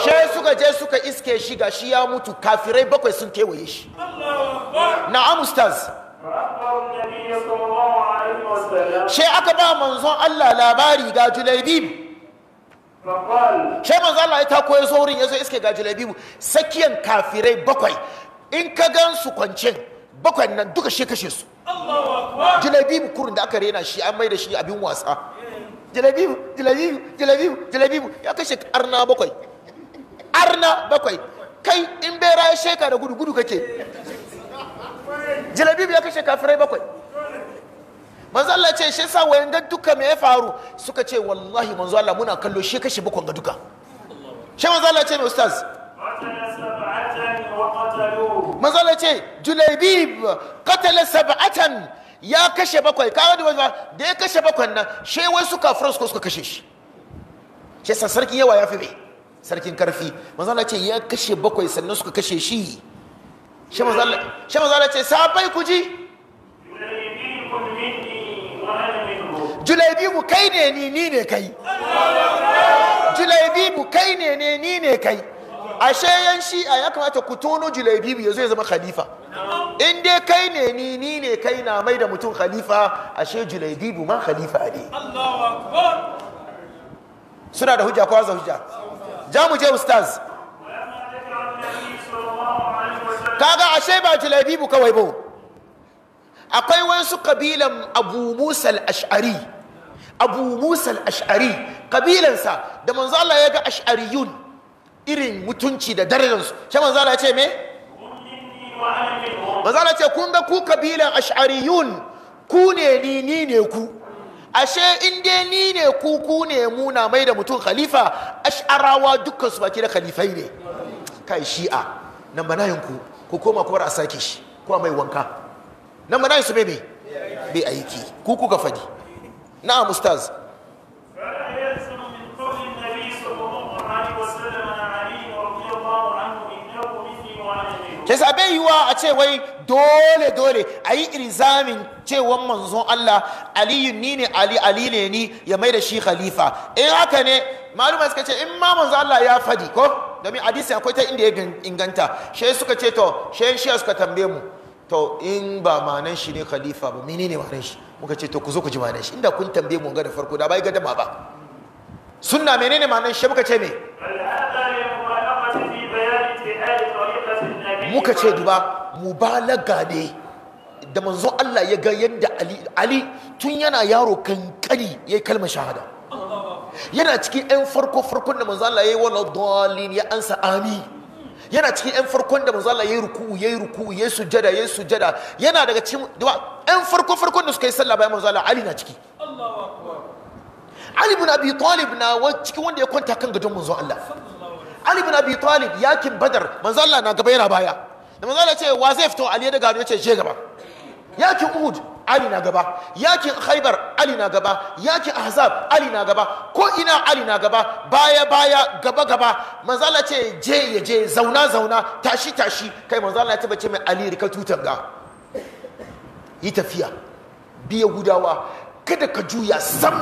Speaker 1: she suka je suka iske shi ga shi ya mutu kafirai bakwai sun kewaye shi na'am ustaz she aka ba manzon Allah labari ga julaibib she manzon Allah ya ta ya zo wurin ya zo iske ga Julaibib sakiyan kafirai bakwai in ka gan su kwancin bakwai nan duka she kashe su jilabibu kurin da aka rena shi an mai da shi abin wasa jilabibu jilabibu jilabibu jilabibu ya kashe arna bakwai arna bakwai kai in bera ya sheka da gudu gudu kake jilabibu ya kashe kafirai bakwai manzo Allah ce shi sa wayan ga duka me ya faru suka ce wallahi manzo Allah muna kallo shi kashe bakwai ga duka shi manzo Allah ce ne ustaz mazala ce julaibib katala sab'atan ya kashe bakwai kawo da wani da ya kashe bakwai nan she wai suka fara su suka kashe shi she san sarkin yawa ya fi bai sarkin karfi mazala ce ya kashe bakwai sannan suka kashe shi she mazala ce sabai ku ji julaibibu kai ne ni ni ne kai julaibibu kai ne ne ni ne kai ashe yan shi'a ya kamata ku tono julabibi ya zo ya zama khalifa in dai kai ne ni ni ne kai na mai da mutum khalifa ashe julabibi ma khalifa ne suna da hujja ko za hujja ja mu je ustaz kaga ashe ba julabibi kawai ba akwai wasu kabilan abu musa al-ash'ari abu musa al-ash'ari kabilansa da manzo Allah ya ga ash'ariyun irin mutunci da darajarsu shi manzala ce me manzala ce kun ga ku kabilan ash'ariyun ku ne ni ni ne ku ashe in dai ni ne ku ku ne mu na mai da mutum khalifa ash'arawa dukkan su baki da khalifai ne kai shi'a nan banayin ku ku koma kuma a sake shi ko mai wanka nan banayin su bai bai aiki ku kuka fadi na'am ustaz yasa bai yiwa a ce wai dole dole a yi ilzamin cewon manzon Allah aliyu ni ne ali ali ne ni ya mai da shi khalifa in haka ne maluma suka ce in ma manzon Allah ya fadi ko domin hadisi akwai ta inda ya inganta shi suka ce to shi shi suka tambaye mu to in ba manan shi ne khalifa ba menene manan shi muka ce to ku zo ku ji manan shi inda kun tambaye mu ga da farko da bai ga dama ba sunna menene manan shi muka ce me muka ce duba mubalaga ne da manzon Allah ya ga yadda Ali Ali tun yana yaro kankani yayi kalmar shahada yana cikin ɗan farko farkon da manzon Allah yayi wala dalin ya ansa amin yana cikin ɗan farkon da manzon Allah yayi ruku yayi ruku yayi sujada yayi sujada yana daga cikin duba ɗan farko farkon da suka yi sallah bayan manzon Allah Ali na ciki Ali ibn Abi Talib na cikin wanda ya kwanta kan gadon manzon Allah Ali ibn Abi Talib yakin Badar manzo Allah na gaba yana baya da manzo Allah ce wa zai fito Ali da gado ce je gaba yakin Uhud Ali na gaba yakin Khaibar Ali na gaba yakin Ahzab Ali na gaba ko ina Ali na gaba baya baya gaba gaba manzo Allah ce je ya je zauna zauna tashi tashi kai manzo Allah ya bace mai Ali rika ga yi tafiya bi Yahudawa kada ka juya sam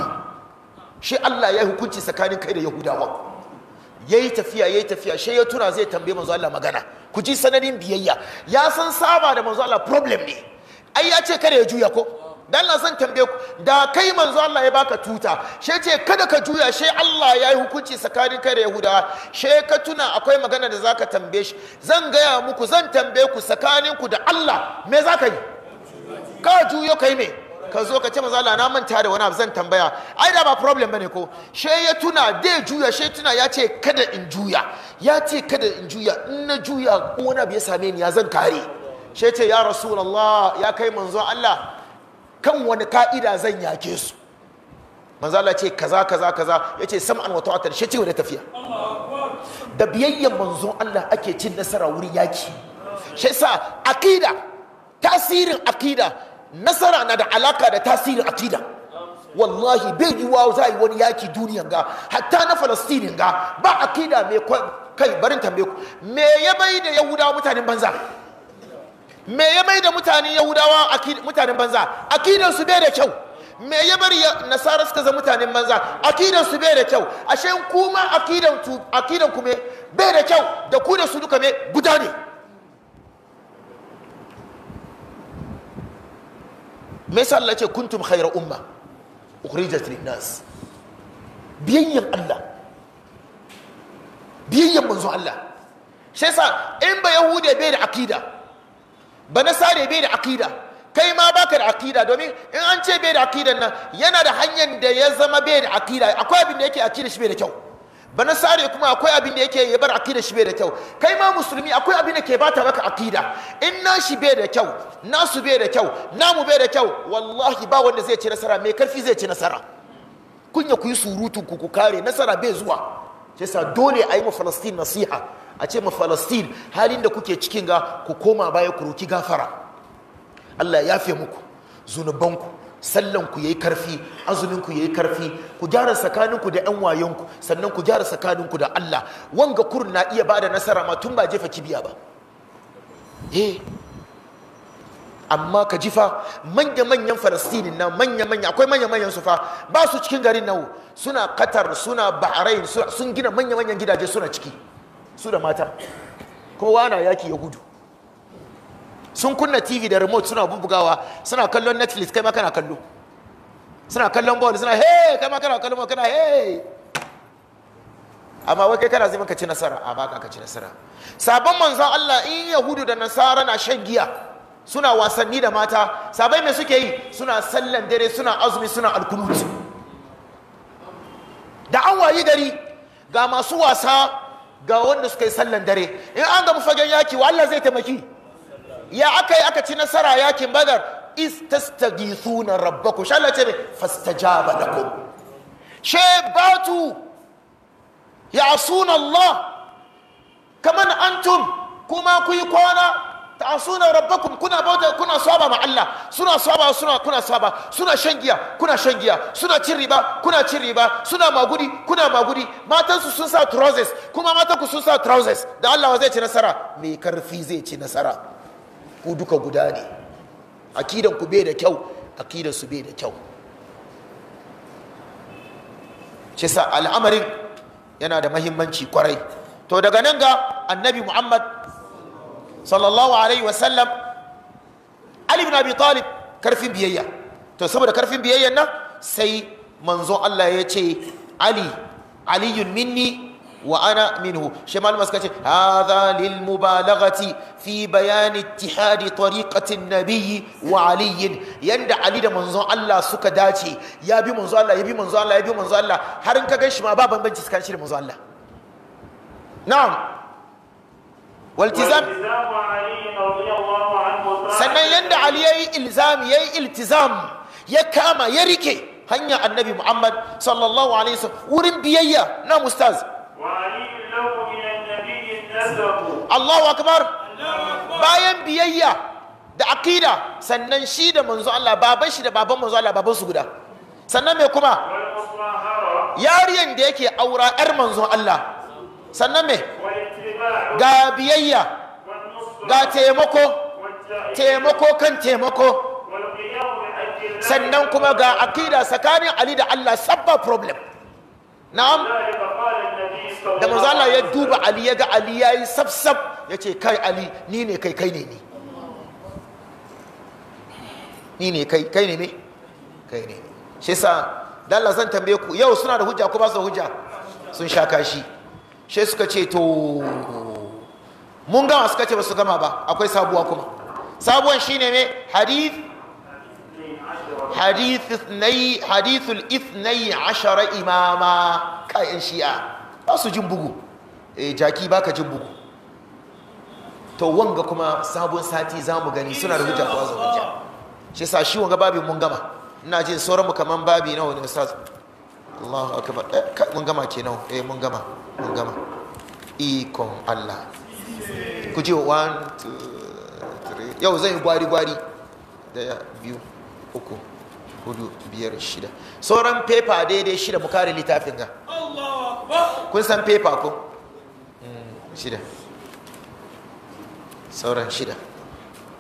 Speaker 1: shi Allah ya hukunci tsakanin kai da Yahudawa yayi tafiya yayi tafiya shi ya tura zai tambaye manzo Allah magana ku ji sanadin biyayya ya san saba da manzo Allah problem ne ai ya ce kada ya juya ko dan Allah san tambaye ku da kai manzo Allah ya baka tuta she ce kada ka juya she Allah ya yi hukunci tsakanin kai da Yahuda she ka tuna akwai magana da zaka tambaye shi zan gaya muku zan tambaye ku tsakanin ku da Allah me zaka yi ka juyo kai me ka zo ka ce mazala na manta da wani abu zan tambaya ai da ba problem bane ko she ya tuna da juya she tuna ya ce kada in juya ya ce kada in juya in na juya wani abu ya same ni ya zan kare she ce ya rasulullah ya kai manzo Allah kan wani ka'ida zan yake su Maza Allah ce kaza kaza kaza Ya ce sam'an wa ta'atan she ce wani tafiya da biyayyan manzon Allah ake cin nasara wuri yaki shi sa akida tasirin akida nasara na da alaka da tasirin akida wallahi bai yiwa za a yi wani yaki duniyan ga hatta na falastinin ga ba akida mai kai barin tambe ku me ya bai da yahudawa mutanen banza me ya bai da mutanen yahudawa mutanen banza akidan su bai da kyau me ya bari nasara suka zama mutanen banza akidan su bai da kyau ashe kuma akidan ku me bai da kyau da ku da su duka me guda ne me yasa Allah ce kuntum khayra umma ukhrijat linnas biyayyan Allah biyayyan manzo Allah shi yasa in ba yahude bai da akida ba nasare bai da akida kai ma baka da akida domin in an ce bai da akidan nan yana da hanyar da ya zama bai da akida akwai abin da yake akida shi bai da kyau bana sare kuma akwai abin da yake ya bar akida shi bai da kyau kai ma musulmi akwai abin da ke bata maka akida in na shi bai da kyau nasu bai da kyau namu bai da kyau wallahi ba wanda zai ci nasara mai karfi zai ci nasara kunya ku yi surutun ku ku kare nasara bai zuwa sai sa dole a yi ma falastin nasiha a ce ma falastin halin da kuke cikin ga ku koma baya ku roki gafara Allah ya yafe muku zunubanku sallan ku yayi karfi azuminku ku yayi karfi ku gyara tsakaninku da yan wayon sannan ku gyara tsakaninku ku da Allah wanga kurun na iya ba da nasara ma tun ba jefa kibiya ba eh amma ka jifa manya manyan falastini na manya manya akwai manya manyan su ba su cikin garin nan suna qatar suna bahrain sun gina manya manyan gidaje suna ciki su da mata kowa na yaki ya gudu sun kunna tv da remote suna bubugawa suna kallon netflix kai ma kana kallo suna kallon ball suna hey kai ma kana kallon kana hey amma wai kai kana zama ka ci nasara a baka ka ci nasara sabon manzon Allah in yahudu da nasara na shan giya suna wasanni da mata sabai me suke yi suna sallan dare suna azumi suna alkunut da an wayi gari ga masu wasa ga wanda suka yi sallan dare in an ga fagen yaki wa Allah zai taimaki ya aka yi aka ci nasara yakin badar suna rabba ku Allah ce fastajaba ku she batu suna Allah kamar antum kuma ku yi kwana rabba ku kuna bauta kuna saba ma Allah suna saba suna kuna saba suna shan giya kuna shan giya suna cin riba kuna cin riba suna magudi kuna magudi matansu sun sa trousers kuma matan sun sa trousers da Allah zai ci nasara mai karfi zai ci nasara ku duka guda ne akidan ku bai da kyau akidan su bai da kyau ce sa al'amarin yana da mahimmanci kwarai to daga nan ga annabi muhammad sallallahu alaihi wasallam ali na abi talib karfin biyayya to saboda karfin biyayyan nan sai manzon Allah ya ce ali aliyun minni wa ana minhu shi malama suka ce hadha lil mubalaghati fi bayan ittihad tariqatin nabiyyi wa ali yanda ali da manzon Allah suka dace ya bi manzon Allah ya bi manzon Allah ya bi manzon Allah har in ka ganshi ma ba bambanci suka shi da manzon Allah na'am والتزام
Speaker 2: sannan yanda ali
Speaker 1: yayi ilzami yayi iltizam ya kama ya rike hanya annabi muhammad sallallahu alaihi wurin biyayya na mustaz Allahu akbar bayan biyayya da aqida sannan shi da manzo Allah baban shi da baban manzo Allah baban su guda sannan me kuma yariyan da yake aura yar manzo Allah sannan me ga biyayya ga taimako taimako kan taimako sannan kuma ga aqida tsakanin Ali da Allah sabba problem na'am da manzo ya duba Ali ya ga Ali yayi sabsab yace kai Ali ni ne kai kai ne ni ni ne kai kai ne me kai ne shi sa, dan la zan tambaye ku yau suna da hujja ko ba su da hujja sun sha kashi shi suka ce to mun gama suka ce ba su gama ba akwai sabuwa kuma sabuwan shine me hadith hadithul ithnai ashara imama kayan shi'a ba su jin bugu jaki ba ka jin bugu to wanga kuma sabon sati za mu gani suna da hujja ko hujja shi sa shi wanga babin mun gama ina jin sauranmu kaman babi na wani ustaz Allahu akbar mun gama kenan eh mun gama mun gama ikon Allah ku je 1 2 3 yau zan yi gwari gwari daya biyu uku hudu biyar shida sauran pepa daidai shida mu kare littafin ga kun san pepa ko hmm, shida sauran shida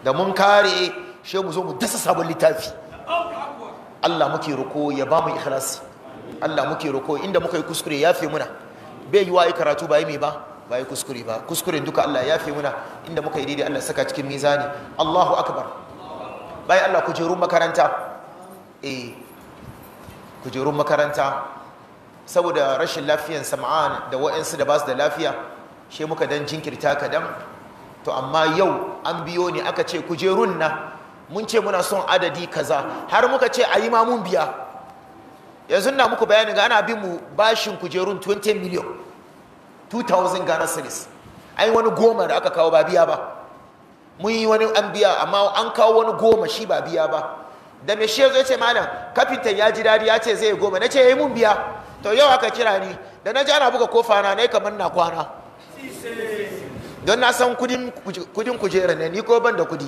Speaker 1: da mun kare shi mu zo mu dasa sabon littafi Allah muke roko ya ba mu ikhlasi Allah muke roko inda muka yi kuskure ya fi muna bai yi wa yi karatu ba yi mai ba ba yi kuskure ba kuskure duka Allah ya fi muna inda muka yi daidai Allah saka cikin mizani Allahu akbar bai Allah kujerun makaranta eh kujerun makaranta saboda rashin lafiyan sama'an da wa'ansu da ba su da lafiya she muka dan jinkirta kadan to amma yau an biyo ne aka ce kujerun na mun ce muna son adadi kaza har muka ce a yi ma mun biya yanzu na muku bayani ga ana bin mu bashin kujerun 20 million 2000 Ghana cedis ai wani goma da aka kawo ba biya ba mun yi wani an biya amma an kawo wani goma shi ba biya ba da mai shi yazo yace malam kafintan ya ji dadi ya ce zai goma Na ce ya eh, yi mun biya to yau aka kira ni da ji ana buga kofa na yi kamar na kwana don na san kudin kujera ne ni ko ban da kudi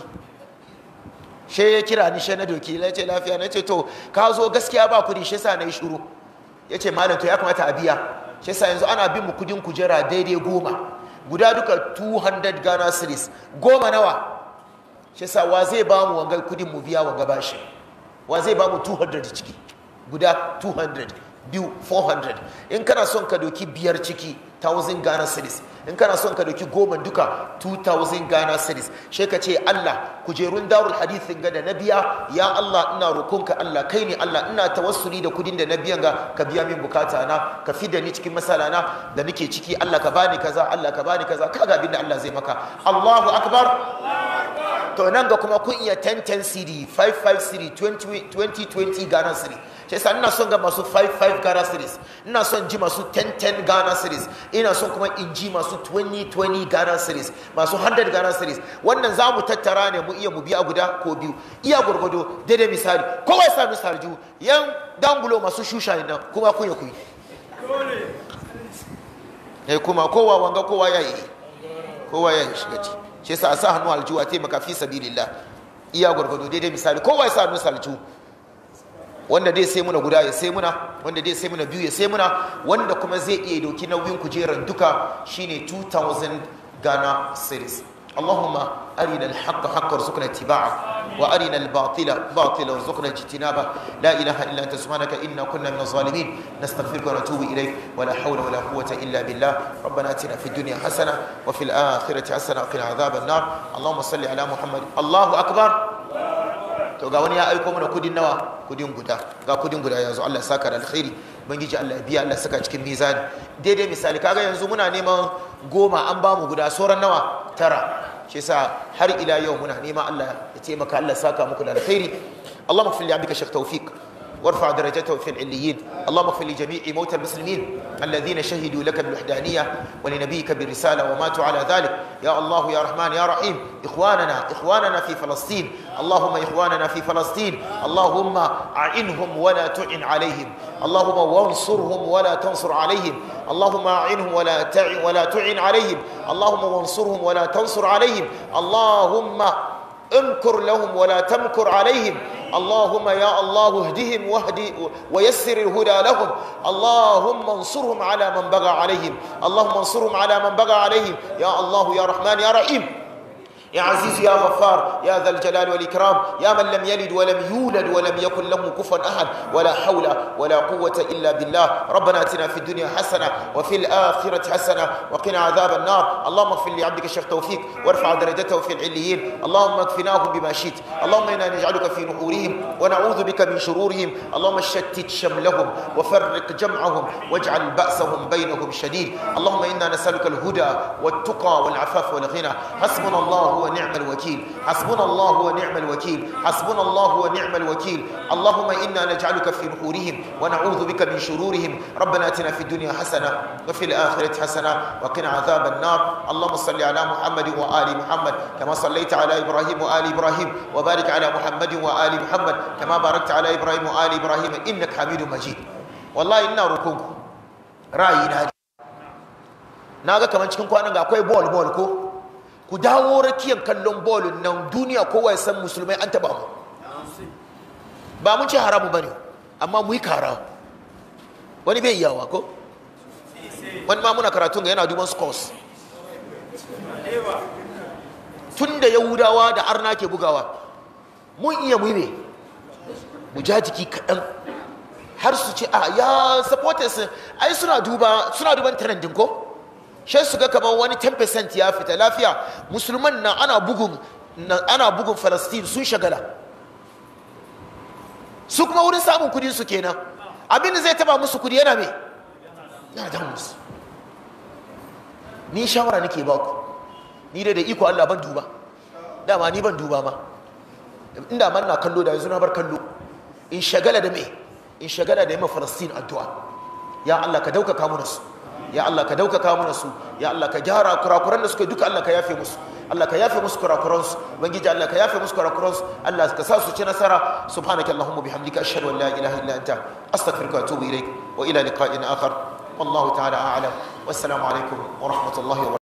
Speaker 1: she ya kira ni she na doki na ce lafiya na ce to ka zo gaskiya ba kudi she sa na yi shuru ya ce malam to ya kamata a biya she sa yanzu ana bin mu kudin kujera daidai goma guda duka 200 ghana series goma nawa she sa wa zai ba mu wangal kudin mu biya wanga bashi wa zai babu mu 200 ciki guda 200 biyu 400 in kana son ka doki biyar ciki 1000 ghana cedis in kana son ka doki goma duka 2000 ghana cedis she ka ce Allah kujerun darul hadithin ga da na biya ya Allah ina rokonka Allah kai ne Allah ina tawassuli da kudin da na biyan ga ka biya min bukata na ka fi da ni cikin masala na da nake ciki Allah ka bani kaza Allah ka bani kaza kaga abin da Allah zai maka Allahu akbar Allahu akbar to nan ga kuma kun iya 1010 cd 55 cd 2020 ghana series sai sa ina son ga masu 55 ghana series ina son ji masu 1010 ghana series ina son kuma in ji masu 2020 ghana series masu 100 ghana series wannan za mu tattara ne mu iya mu biya guda ko biyu iya gwargwado daidai misali kowai sa misali ju yan dangulo masu shushayi nan kuma kun ya kuyi eh, kuma kowa wanga kowa ya yi kowa ya yi shiga ciki shi yasa a sa hannu alju a taimaka fi sabilillah iya gwargwado daidai misali kowa ya sa hannu aljihu wanda dai sai muna guda ya sai muna wanda dai sai muna biyu ya sai muna wanda kuma zai iya doki nauyin kujeran duka shine 2000 Ghana series اللهم أرنا الحق حقا وارزقنا اتباعه وأرنا الباطل باطلا وارزقنا اجتنابه لا إله إلا أنت سبحانك إنا كنا من الظالمين نستغفرك ونتوب إليك ولا حول ولا قوة إلا بالله ربنا آتنا في الدنيا حسنة وفي الآخرة حسنة وقنا عذاب النار اللهم صل على محمد الله أكبر to ga wani ya aiko mana kudin nawa kudin guda ga kudin guda yanzu Allah ya saka da alkhairi ubangiji Allah ya biya Allah ya saka cikin mizani daidai misali kaga yanzu muna neman goma an bamu guda sauran nawa tara shi har ila yau muna nema Allah ya taimaka Allah saka muku da alkhairi Allahumma fil abika shaykh tawfiq وارفع درجته في العليين اللهم اغفر لجميع موتى المسلمين الذين شهدوا لك بالوحدانية ولنبيك بالرسالة وماتوا على ذلك يا الله يا رحمن يا رحيم إخواننا إخواننا في فلسطين اللهم إخواننا في فلسطين اللهم أعنهم ولا تعن عليهم اللهم وانصرهم ولا تنصر عليهم اللهم أعنهم ولا تعن ولا تعن عليهم اللهم وانصرهم ولا تنصر عليهم اللهم انكر لهم ولا تمكر عليهم اللهم يا الله اهدهم واهدي ويسر الهدى لهم اللهم انصرهم على من بغى عليهم اللهم انصرهم على من بغى عليهم يا الله يا رحمن يا رحيم يا عزيز يا غفار يا ذا الجلال والإكرام يا من لم يلد ولم يولد ولم يكن له كفوا أحد ولا حول ولا قوة إلا بالله ربنا اتنا في الدنيا حسنة وفي الآخرة حسنة وقنا عذاب النار اللهم اغفر لعبدك الشيخ توفيق وارفع درجته في العليين اللهم اكفناهم بما شئت اللهم إنا نجعلك في نحورهم ونعوذ بك من شرورهم اللهم شتت شملهم وفرق جمعهم واجعل بأسهم بينهم شديد اللهم إنا نسألك الهدى والتقى والعفاف والغنى حسبنا الله ونعم الوكيل حسبنا الله ونعم الوكيل حسبنا الله ونعم الوكيل اللهم إنا نجعلك في نحورهم ونعوذ بك من شرورهم ربنا اتنا في الدنيا حسنة وفي الآخرة حسنة وقنا عذاب النار اللهم صل على محمد وآل محمد كما صليت على إبراهيم وآل إبراهيم وبارك على محمد وآل محمد كما باركت على إبراهيم وآل إبراهيم إنك حميد مجيد والله إنا ركوك رأينا na ga kamar cikin kwanan ga akwai bol bol ko ku dawo rakiyar kallon bolin nan duniya kowa ya san musulmai an taba mu ba mun ce haramu bane amma mu yi kara wani bai yawa ko wani ma muna karatun ga yana duban scores tun da yahudawa da arna ke bugawa mun iya mu ne mu ja jiki kaɗan har su ce a ya supporters ai suna suna duban trendin ko shi su ga kamar wani 10% ya fita lafiya musulman na ana bugun ana bugun falastin sun shagala su kuma wurin samun kudin su kenan abin da zai taba musu kudi yana mai yana da musu ni shawara nake ba ku ni da da iko Allah ban duba dama ni ban duba ma inda man na kallo da yanzu na bar kallo in shagala da mai in shagala da yamma falastin addu'a ya Allah ka daukaka mu ya Allah ka daukaka mana su ya Allah ka gyara kurakuran da suka duka Allah ka yafe musu Allah ka yafe musu kurakuran su ubangiji Allah ka yafe musu kurakuran su Allah ka sa su ci nasara subhanaka allahumma bihamdika ashhadu an la ilaha illa anta astaghfiruka wa atubu ilaik wa ila liqa'in akhar